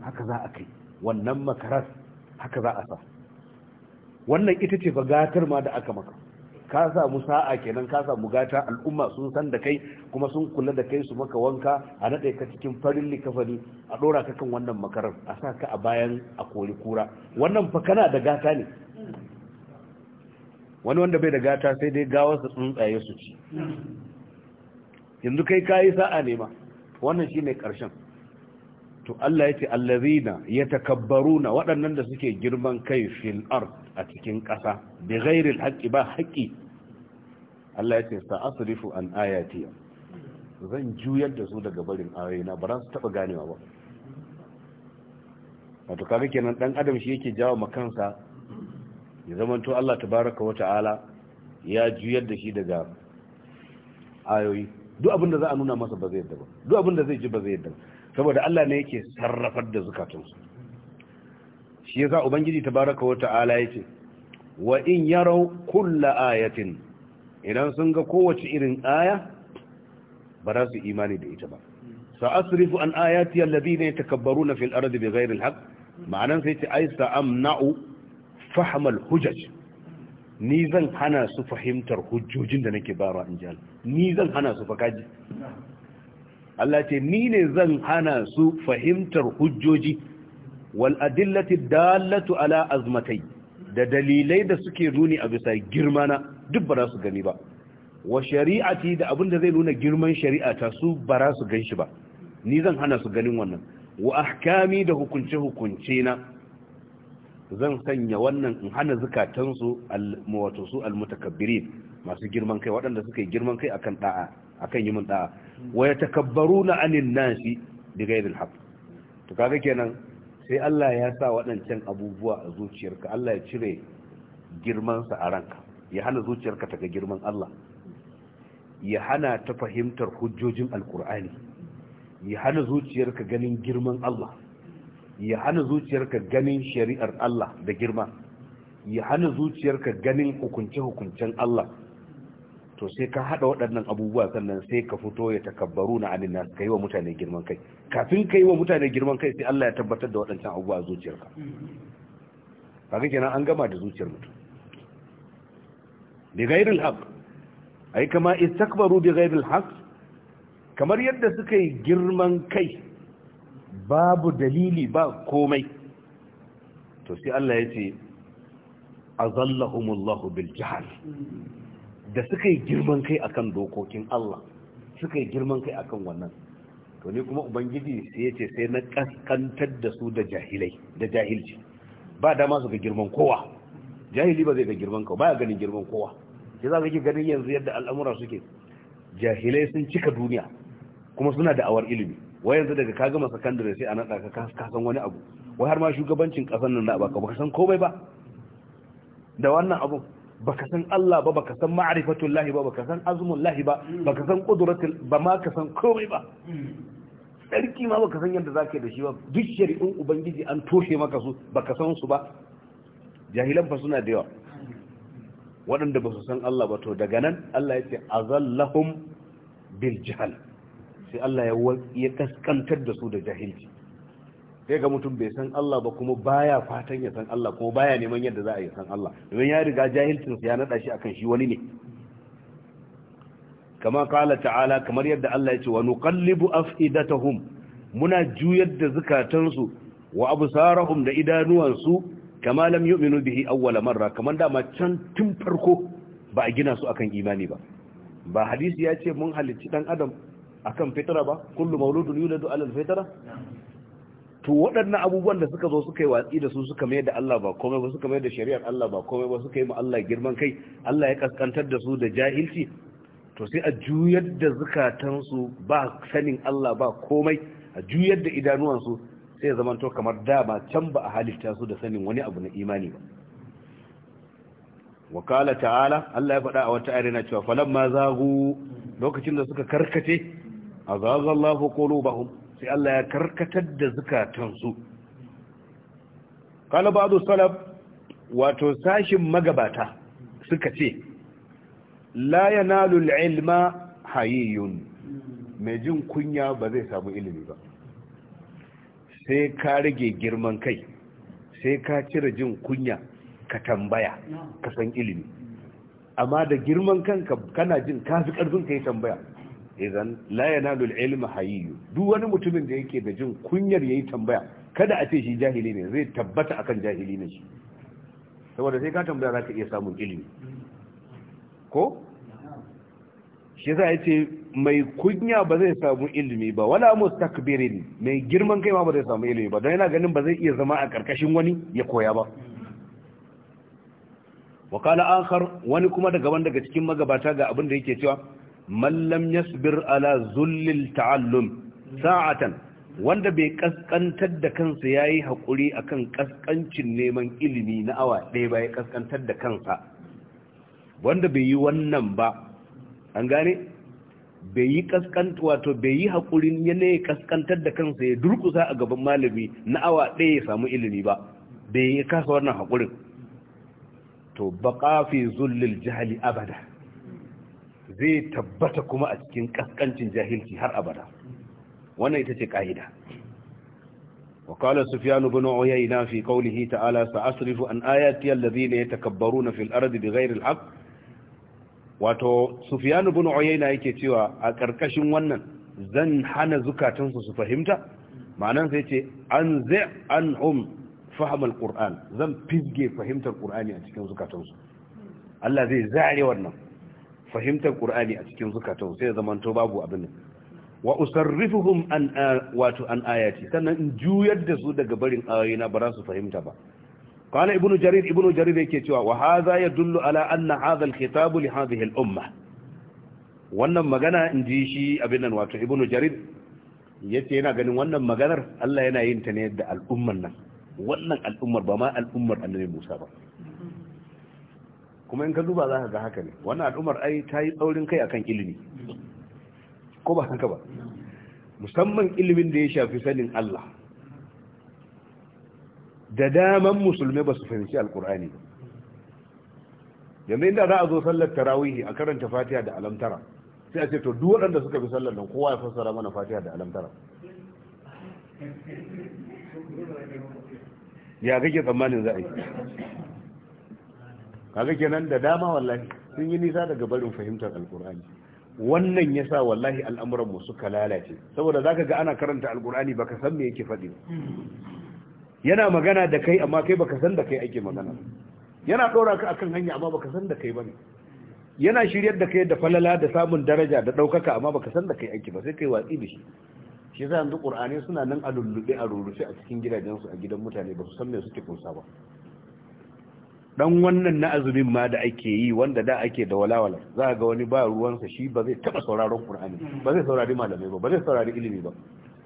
haka za a kai wannan makaras haka za a sa wannan ita ce bagatar ma da aka maka ka samu sa'a kenan ka samu gata al'umma sun san da kai kuma sun kula da kai su maka wanka a naɗe ka cikin farin likafani a ɗora ka kan wannan makarar a sa ka a bayan a kori kura wannan fa kana da gata ne wani wanda bai da gata sai dai gawar gawarsa tsuntsaye su ci yanzu kai kayi sa'a ne ma wannan shine karshen to Allah yace allazina yatakabbaruna waɗannan da suke girman kai fil ard a cikin ƙasa bi ghairil haqqi ba haqqi Allah ya ce asrifu an ayati zan juyar da su daga barin ayoyina ba za su taba ganewa ba wato kaga kenan dan adam shi yake jawo makansa ya to Allah tabaraka wa ta'ala ya juyar da shi daga ayoyi duk abin da za a nuna masa ba zai yadda ba duk abin da zai ji ba zai yadda ba saboda Allah ne yake sarrafar da su shi yasa ubangiji tabaraka wa ta'ala yace wa in yaraw kulla ayatin idan sun ga kowace irin aya ba za su imani da ita ba sa'asrifu an ayati alladhina na fil ardi bighayri alhaq ma'anan sai ce ai sa'amna'u fahm alhujaj ni zan hana su fahimtar hujjojin da nake bara in jal ni zan hana su fakaji Allah ce ni ne zan hana su fahimtar hujjoji wal adillati dallatu ala azmatai da dalilai da suke nuni a bisa girmana duk ba su gani ba wa shari'ati da abin da zai nuna girman shari'ata su ba za su gan shi ba ni zan hana su ganin wannan wa ahkami da hukunce hukunce na zan sanya wannan in hana zukatansu wato su almutakabbirin masu girman kai waɗanda suka girman kai akan da'a akan yimin da'a wa yatakabbaruna anin nasi bi haqq to kaga kenan sai Allah ya sa waɗancan abubuwa a zuciyarka Allah ya cire girmansa a ranka ya hana zuciyarka ta ga girman Allah ya hana ta fahimtar hujjojin alkur'ani ya hana zuciyarka ganin girman Allah ya hana zuciyarka ganin shari'ar Allah da girma ya hana zuciyarka ganin hukunce-hukuncen Allah to sai ka hada waɗannan abubuwa sannan sai ka fito ya takabbaru na anin nas kai wa mutane girman kai kafin kai wa mutane girman kai sai Allah ya tabbatar da waɗancan abubuwa a zuciyarka kaga kenan an gama da zuciyar mutum bi ghairil haqq ai kama istakbaru bi ghairil haqq kamar yadda suka yi girman kai babu dalili ba komai to sai Allah ya ce azallahumullahu bil jahal da suka yi girman kai akan dokokin Allah suka yi girman kai akan wannan to ni kuma ubangiji sai yace sai na kaskantar da su da jahilai da jahilci ba dama su ga girman kowa jahili ba zai ga girman kowa ya ganin girman kowa ya za ki ganin yanzu yadda al'amura suke jahilai sun cika duniya kuma suna da awar ilimi wai yanzu daga ka gama sakandare sai a naɗa ka kasan wani abu wai har ma shugabancin ƙasar nan da ba ka san komai ba da wannan abun baka san Allah ba baka san ma'rifatullahi ba baka san azmullahi ba mm. baka san qudratul ba ma ka san komai ba mm. sarki ma baka san yadda zaka da shi ba duk shari'un ubangiji an toshe maka su baka san su ba jahilan fa suna da yawa waɗanda ba su san Allah ba to daga nan Allah ya ce azallahum bil jahl sai Allah ya kaskantar da su da jahilci sai ga mutum bai san Allah ba kuma baya fatan ya san Allah kuma baya neman yadda za a yi san Allah domin ya riga jahilcin ya nada shi akan shi wani ne kama kala ta'ala kamar yadda Allah ya ce wa nuqallibu af'idatahum muna juyar da zukatansu wa absarahum da idanuwansu kama lam yu'minu bihi awwala marra kaman da ma can tun farko ba a gina su akan imani ba ba hadisi ya ce mun halicci dan adam akan fitra ba kullu mauludun yuladu ala alfitra to waɗannan abubuwan da suka zo suka yi watsi da su suka mayar da Allah ba komai ba suka mayar da shari'ar Allah ba komai ba suka yi ma Allah girman kai Allah ya kaskantar da su da jahilci to sai a juyar da zukatansu ba sanin Allah ba komai a juyar da idanuwansu sai ya zamanto kamar dama can ba a halitta su da sanin wani abu na imani ba wakala ta'ala Allah ya faɗa a wata ayar cewa falamma zagu lokacin da suka karkace Allahu qulubahum sai Allah ya karkatar da zukatansu kala ba'du salaf wato sashin magabata suka ce la yanalu ilma hayyun mai jin kunya ba zai samu ilimi ba sai ka rage girman kai sai ka cire jin kunya ka tambaya ka san ilimi amma da girman kanka kana jin fi karfin ka yi tambaya idan la yanalu al hayyu duk wani mutumin da yake da jin kunyar yayi tambaya kada a ce shi jahili ne zai tabbata akan jahili ne shi saboda sai ka tambaya za ka iya samun ilimi ko shi za a ce mai kunya ba zai samu ilimi ba wala mustakbirin mai girman kai ma ba zai samu ilimi ba don yana ganin ba zai iya zama a karkashin wani ya koya ba wakala akhar wani kuma daga wanda daga cikin magabata ga abin da yake cewa man lam yasbir ala zullil ta'allum sa'atan wanda bai kaskantar da kansa yayi hakuri akan kaskancin neman ilimi na awa ɗaya ba ya kaskantar da kansa wanda bai yi wannan ba an gane bai yi kaskanta wato bai yi hakurin ne kaskantar da kansa ya durkusa a gaban malami na awa ɗaya ya samu ilimi ba bai yi kasa wannan hakurin to baqa zullil jahli abada zai tabbata kuma a cikin kaskancin jahilci har abada wannan ita ce ka'ida وقال sufyanu بن عيينة في قوله تعالى سأصرف عن آياتي الذين يتكبرون في الأرض بغير الحق wato Sufiyanu bin Uyayna yake cewa a ƙarƙashin wannan zan hana zukatunsu su fahimta ma'anan sai ce an zai an hum fahimar zan fisge fahimtar Qur'ani a cikin zukatunsu. Allah zai zare wannan fahimtar qur'ani a cikin zukatan sai ya zamanto babu abin wa usarrifuhum an wato an ayati sannan in juyar da su daga barin ayoyina ba za su fahimta ba qala ibnu jarir ibnu jarir yake cewa wa hadha yadullu ala anna hadha al li hadhihi al-umma wannan magana in ji shi abin nan wato ibnu jarir yace yana ganin wannan maganar Allah yana yin ta ne da al'ummar nan wannan al'ummar ba ma al'ummar annabi Musa ba kuma in ka duba za ka ga haka ne wannan al'ummar ai ta yi tsaurin kai akan ilimi ko ba haka ba musamman ilimin da ya shafi sanin Allah da daman musulmai ba su fahimci alkur'ani ba yanzu inda za a zo sallar tarawihi a karanta fatiha da alamtara sai a ce to duk waɗanda suka fi sallar nan kowa ya fassara mana fatiha da alamtara ya kake tsammanin za a yi kaga kenan da dama wallahi sun yi nisa daga barin fahimtar alkur'ani wannan ya sa wallahi al'amuranmu suka lalace saboda za ka ga ana karanta alkur'ani baka san me yake faɗi yana magana da kai amma kai baka san da kai ake magana yana ɗora ka akan hanya amma baka san da kai bane yana shiryar da kai da falala da samun daraja da ɗaukaka amma baka san da kai ake ba sai kai watsi da shi shi yasa yanzu qur'ani suna nan a lullube a rurrufe a cikin gidajensu a gidan mutane ba su san me suke kunsa ba dan wannan na azumin ma da ake yi wanda da ake da walawala za ga wani ba ruwansa shi ba zai taba sauraron qur'ani ba zai saurari malamai ba ba zai saurari ilimi ba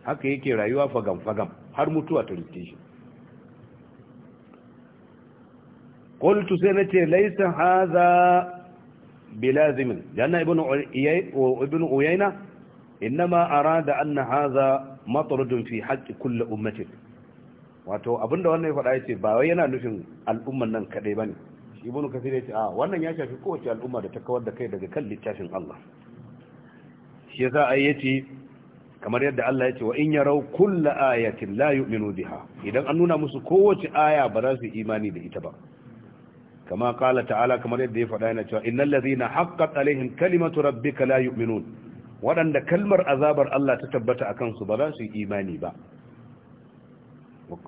haka yake rayuwa fagam fagam har mutuwa ta rike shi qultu sai nace laysa hadha bilazimin janna ibnu uyay ibnu uyayna inma arada anna hadha matrudun fi haqqi kulli ummatin wato abinda wannan ya faɗa ya ce ba wai yana nufin al'umman nan kaɗai ba ne ibnu kasir ya ce a wannan ya shafi kowace al'umma da ta kawar da kai daga kan littafin Allah shi yasa ai yace kamar yadda Allah ya ce wa in yarau kullu ayatin la yu'minu biha idan an nuna musu kowace aya ba za su imani da ita ba kama kala ta'ala kamar yadda ya faɗa yana cewa innal ladhina haqqat alaihim kalimatu rabbika la yu'minun waɗanda kalmar azabar Allah ta tabbata akan su ba za su imani ba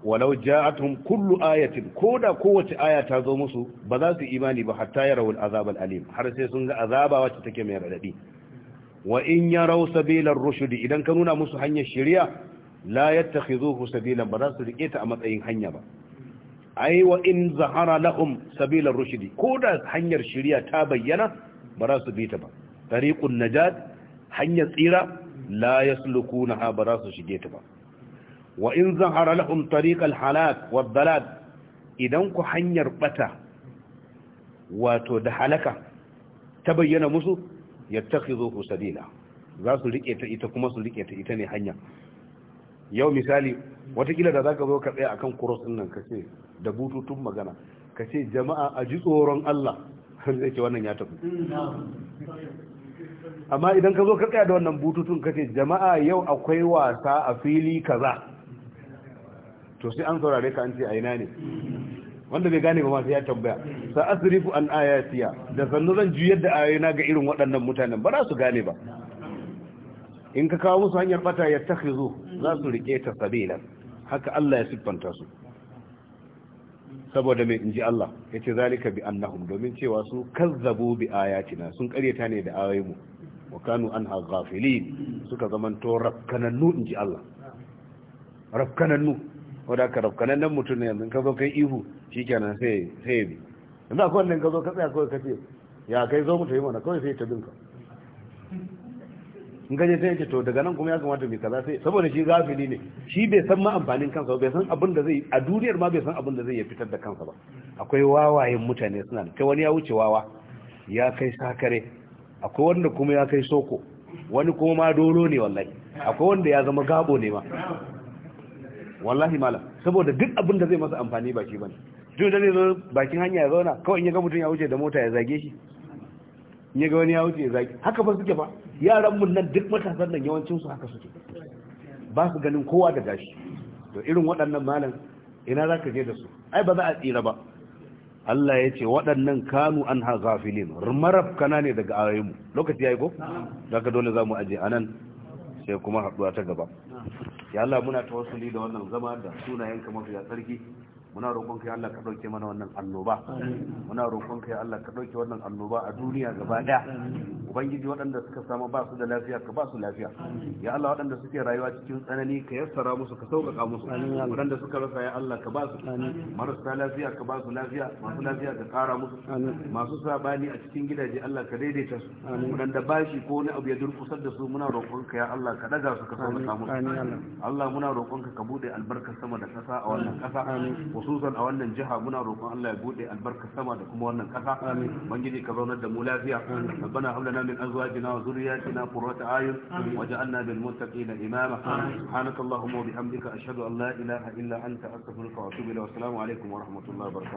walau ja'atuhum kullu ayatin koda kowace aya ta zo musu ba za su imani ba hatta yarawul azabal alim har sai sun ga azaba wacce take mai radadi wa in yarau sabilar rushd idan ka nuna musu hanyar shari'a la yattakhizuhu sabilan ba za su rike ta a matsayin hanya ba ai wa in zahara lahum sabilar rushd koda hanyar shari'a ta bayyana ba za su bi ta ba tariqun najat hanyar tsira la yaslukunaha ba za su shige ta ba wa in zahara lahum tariqal halak wad dalal idan ku hanyar bata wato da halaka ta bayyana musu yattakhizuhu sabila za su rike ta ita kuma su rike ta ita ne hanya yau misali watakila da zaka zo ka tsaya akan cross din nan kace da bututun magana kace jama'a a ji tsoron Allah har zai ce wannan ya tafi amma idan ka zo ka tsaya da wannan bututun kace jama'a yau akwai wasa a fili kaza to sai an saurare ka an ce a ina ne wanda bai gane ba ma sai ya tambaya sa asrifu an ayatiya da sannu zan juyar da ayoyina ga irin waɗannan mutanen ba za su gane ba in ka kawo musu hanyar bata ya takhizu za su rike ta sabila haka Allah ya siffanta su saboda mai inji Allah yace zalika bi annahum domin cewa su kazzabu bi ayatina sun karyata ne da ayoyinmu wa kanu anha ghafilin suka zaman to rakkanannu inji Allah rakkanannu ko da ka rafkanan nan mutum ne yanzu ka zo kai ihu shikenan sai sai bi yanzu akwai wannan ka zo ka tsaya kawai ka ce ya kai zo mu yi mana kawai sai ta bin ka in ka je sai ce to daga nan kuma ya kamata mai kaza sai saboda shi gafili ne shi bai san ma amfanin kansa bai san abin da zai a duniyar ma bai san abin da zai ya fitar da kansa ba akwai wawayen mutane suna da kai wani ya wuce wawa ya kai sakare akwai wanda kuma ya kai soko wani kuma ma dolo ne wallahi akwai wanda ya zama gabo ne ma wallahi malam saboda duk abin da zai masa amfani ba shi bane duk da zai zo bakin hanya ya zauna kawai in ya ga mutum ya wuce da mota ya zage shi in ya ga wani ya wuce ya zage haka ba suke ba yaran mun nan duk matasan nan yawancin su haka suke ba su ganin kowa da gashi to irin waɗannan malam ina za ka je da su ai ba za a tsira ba Allah ya ce waɗannan kanu an ha gafilin marabkana ne daga ayoyinmu lokaci ya yi ko? Daga dole za mu aje anan sai kuma haɗuwa ta gaba ya Allah muna tawassuli da wannan zama da sunayen sunayenka mafiya tsarki muna roƙonka ya Allah ka ɗauke mana wannan annoba muna roƙonka ya Allah ka ɗauke wannan annoba a duniya gaba ɗaya ubangiji waɗanda suka samu ba su da lafiya ka ba su lafiya ya Allah waɗanda suke rayuwa cikin tsanani ka yassara musu ka sauƙaƙa musu waɗanda suka rasa ya Allah ka ba su marasa lafiya ka ba su lafiya masu lafiya ka ƙara musu masu sabani a cikin gidaje Allah ka daidaita su waɗanda bashi ko wani abu ya durƙusar da su muna roƙonka ya Allah ka ɗaga su ka sauƙaƙa musu Allah muna roƙonka ka buɗe albarkar sama da ƙasa a wannan ƙasa khususan a wannan jiha muna roƙon Allah ya bude albarka sama da kuma wannan ƙasa amin bangiji ka zaunar da mu lafiya rabbana hab lana min azwajina wa zurriyyatina qurrata ayun waj'alna lil muttaqina imama subhanakallahumma wa bihamdika ashhadu an la ilaha illa anta astaghfiruka wa atubu ilayk wa assalamu alaikum wa rahmatullahi wa barakatuh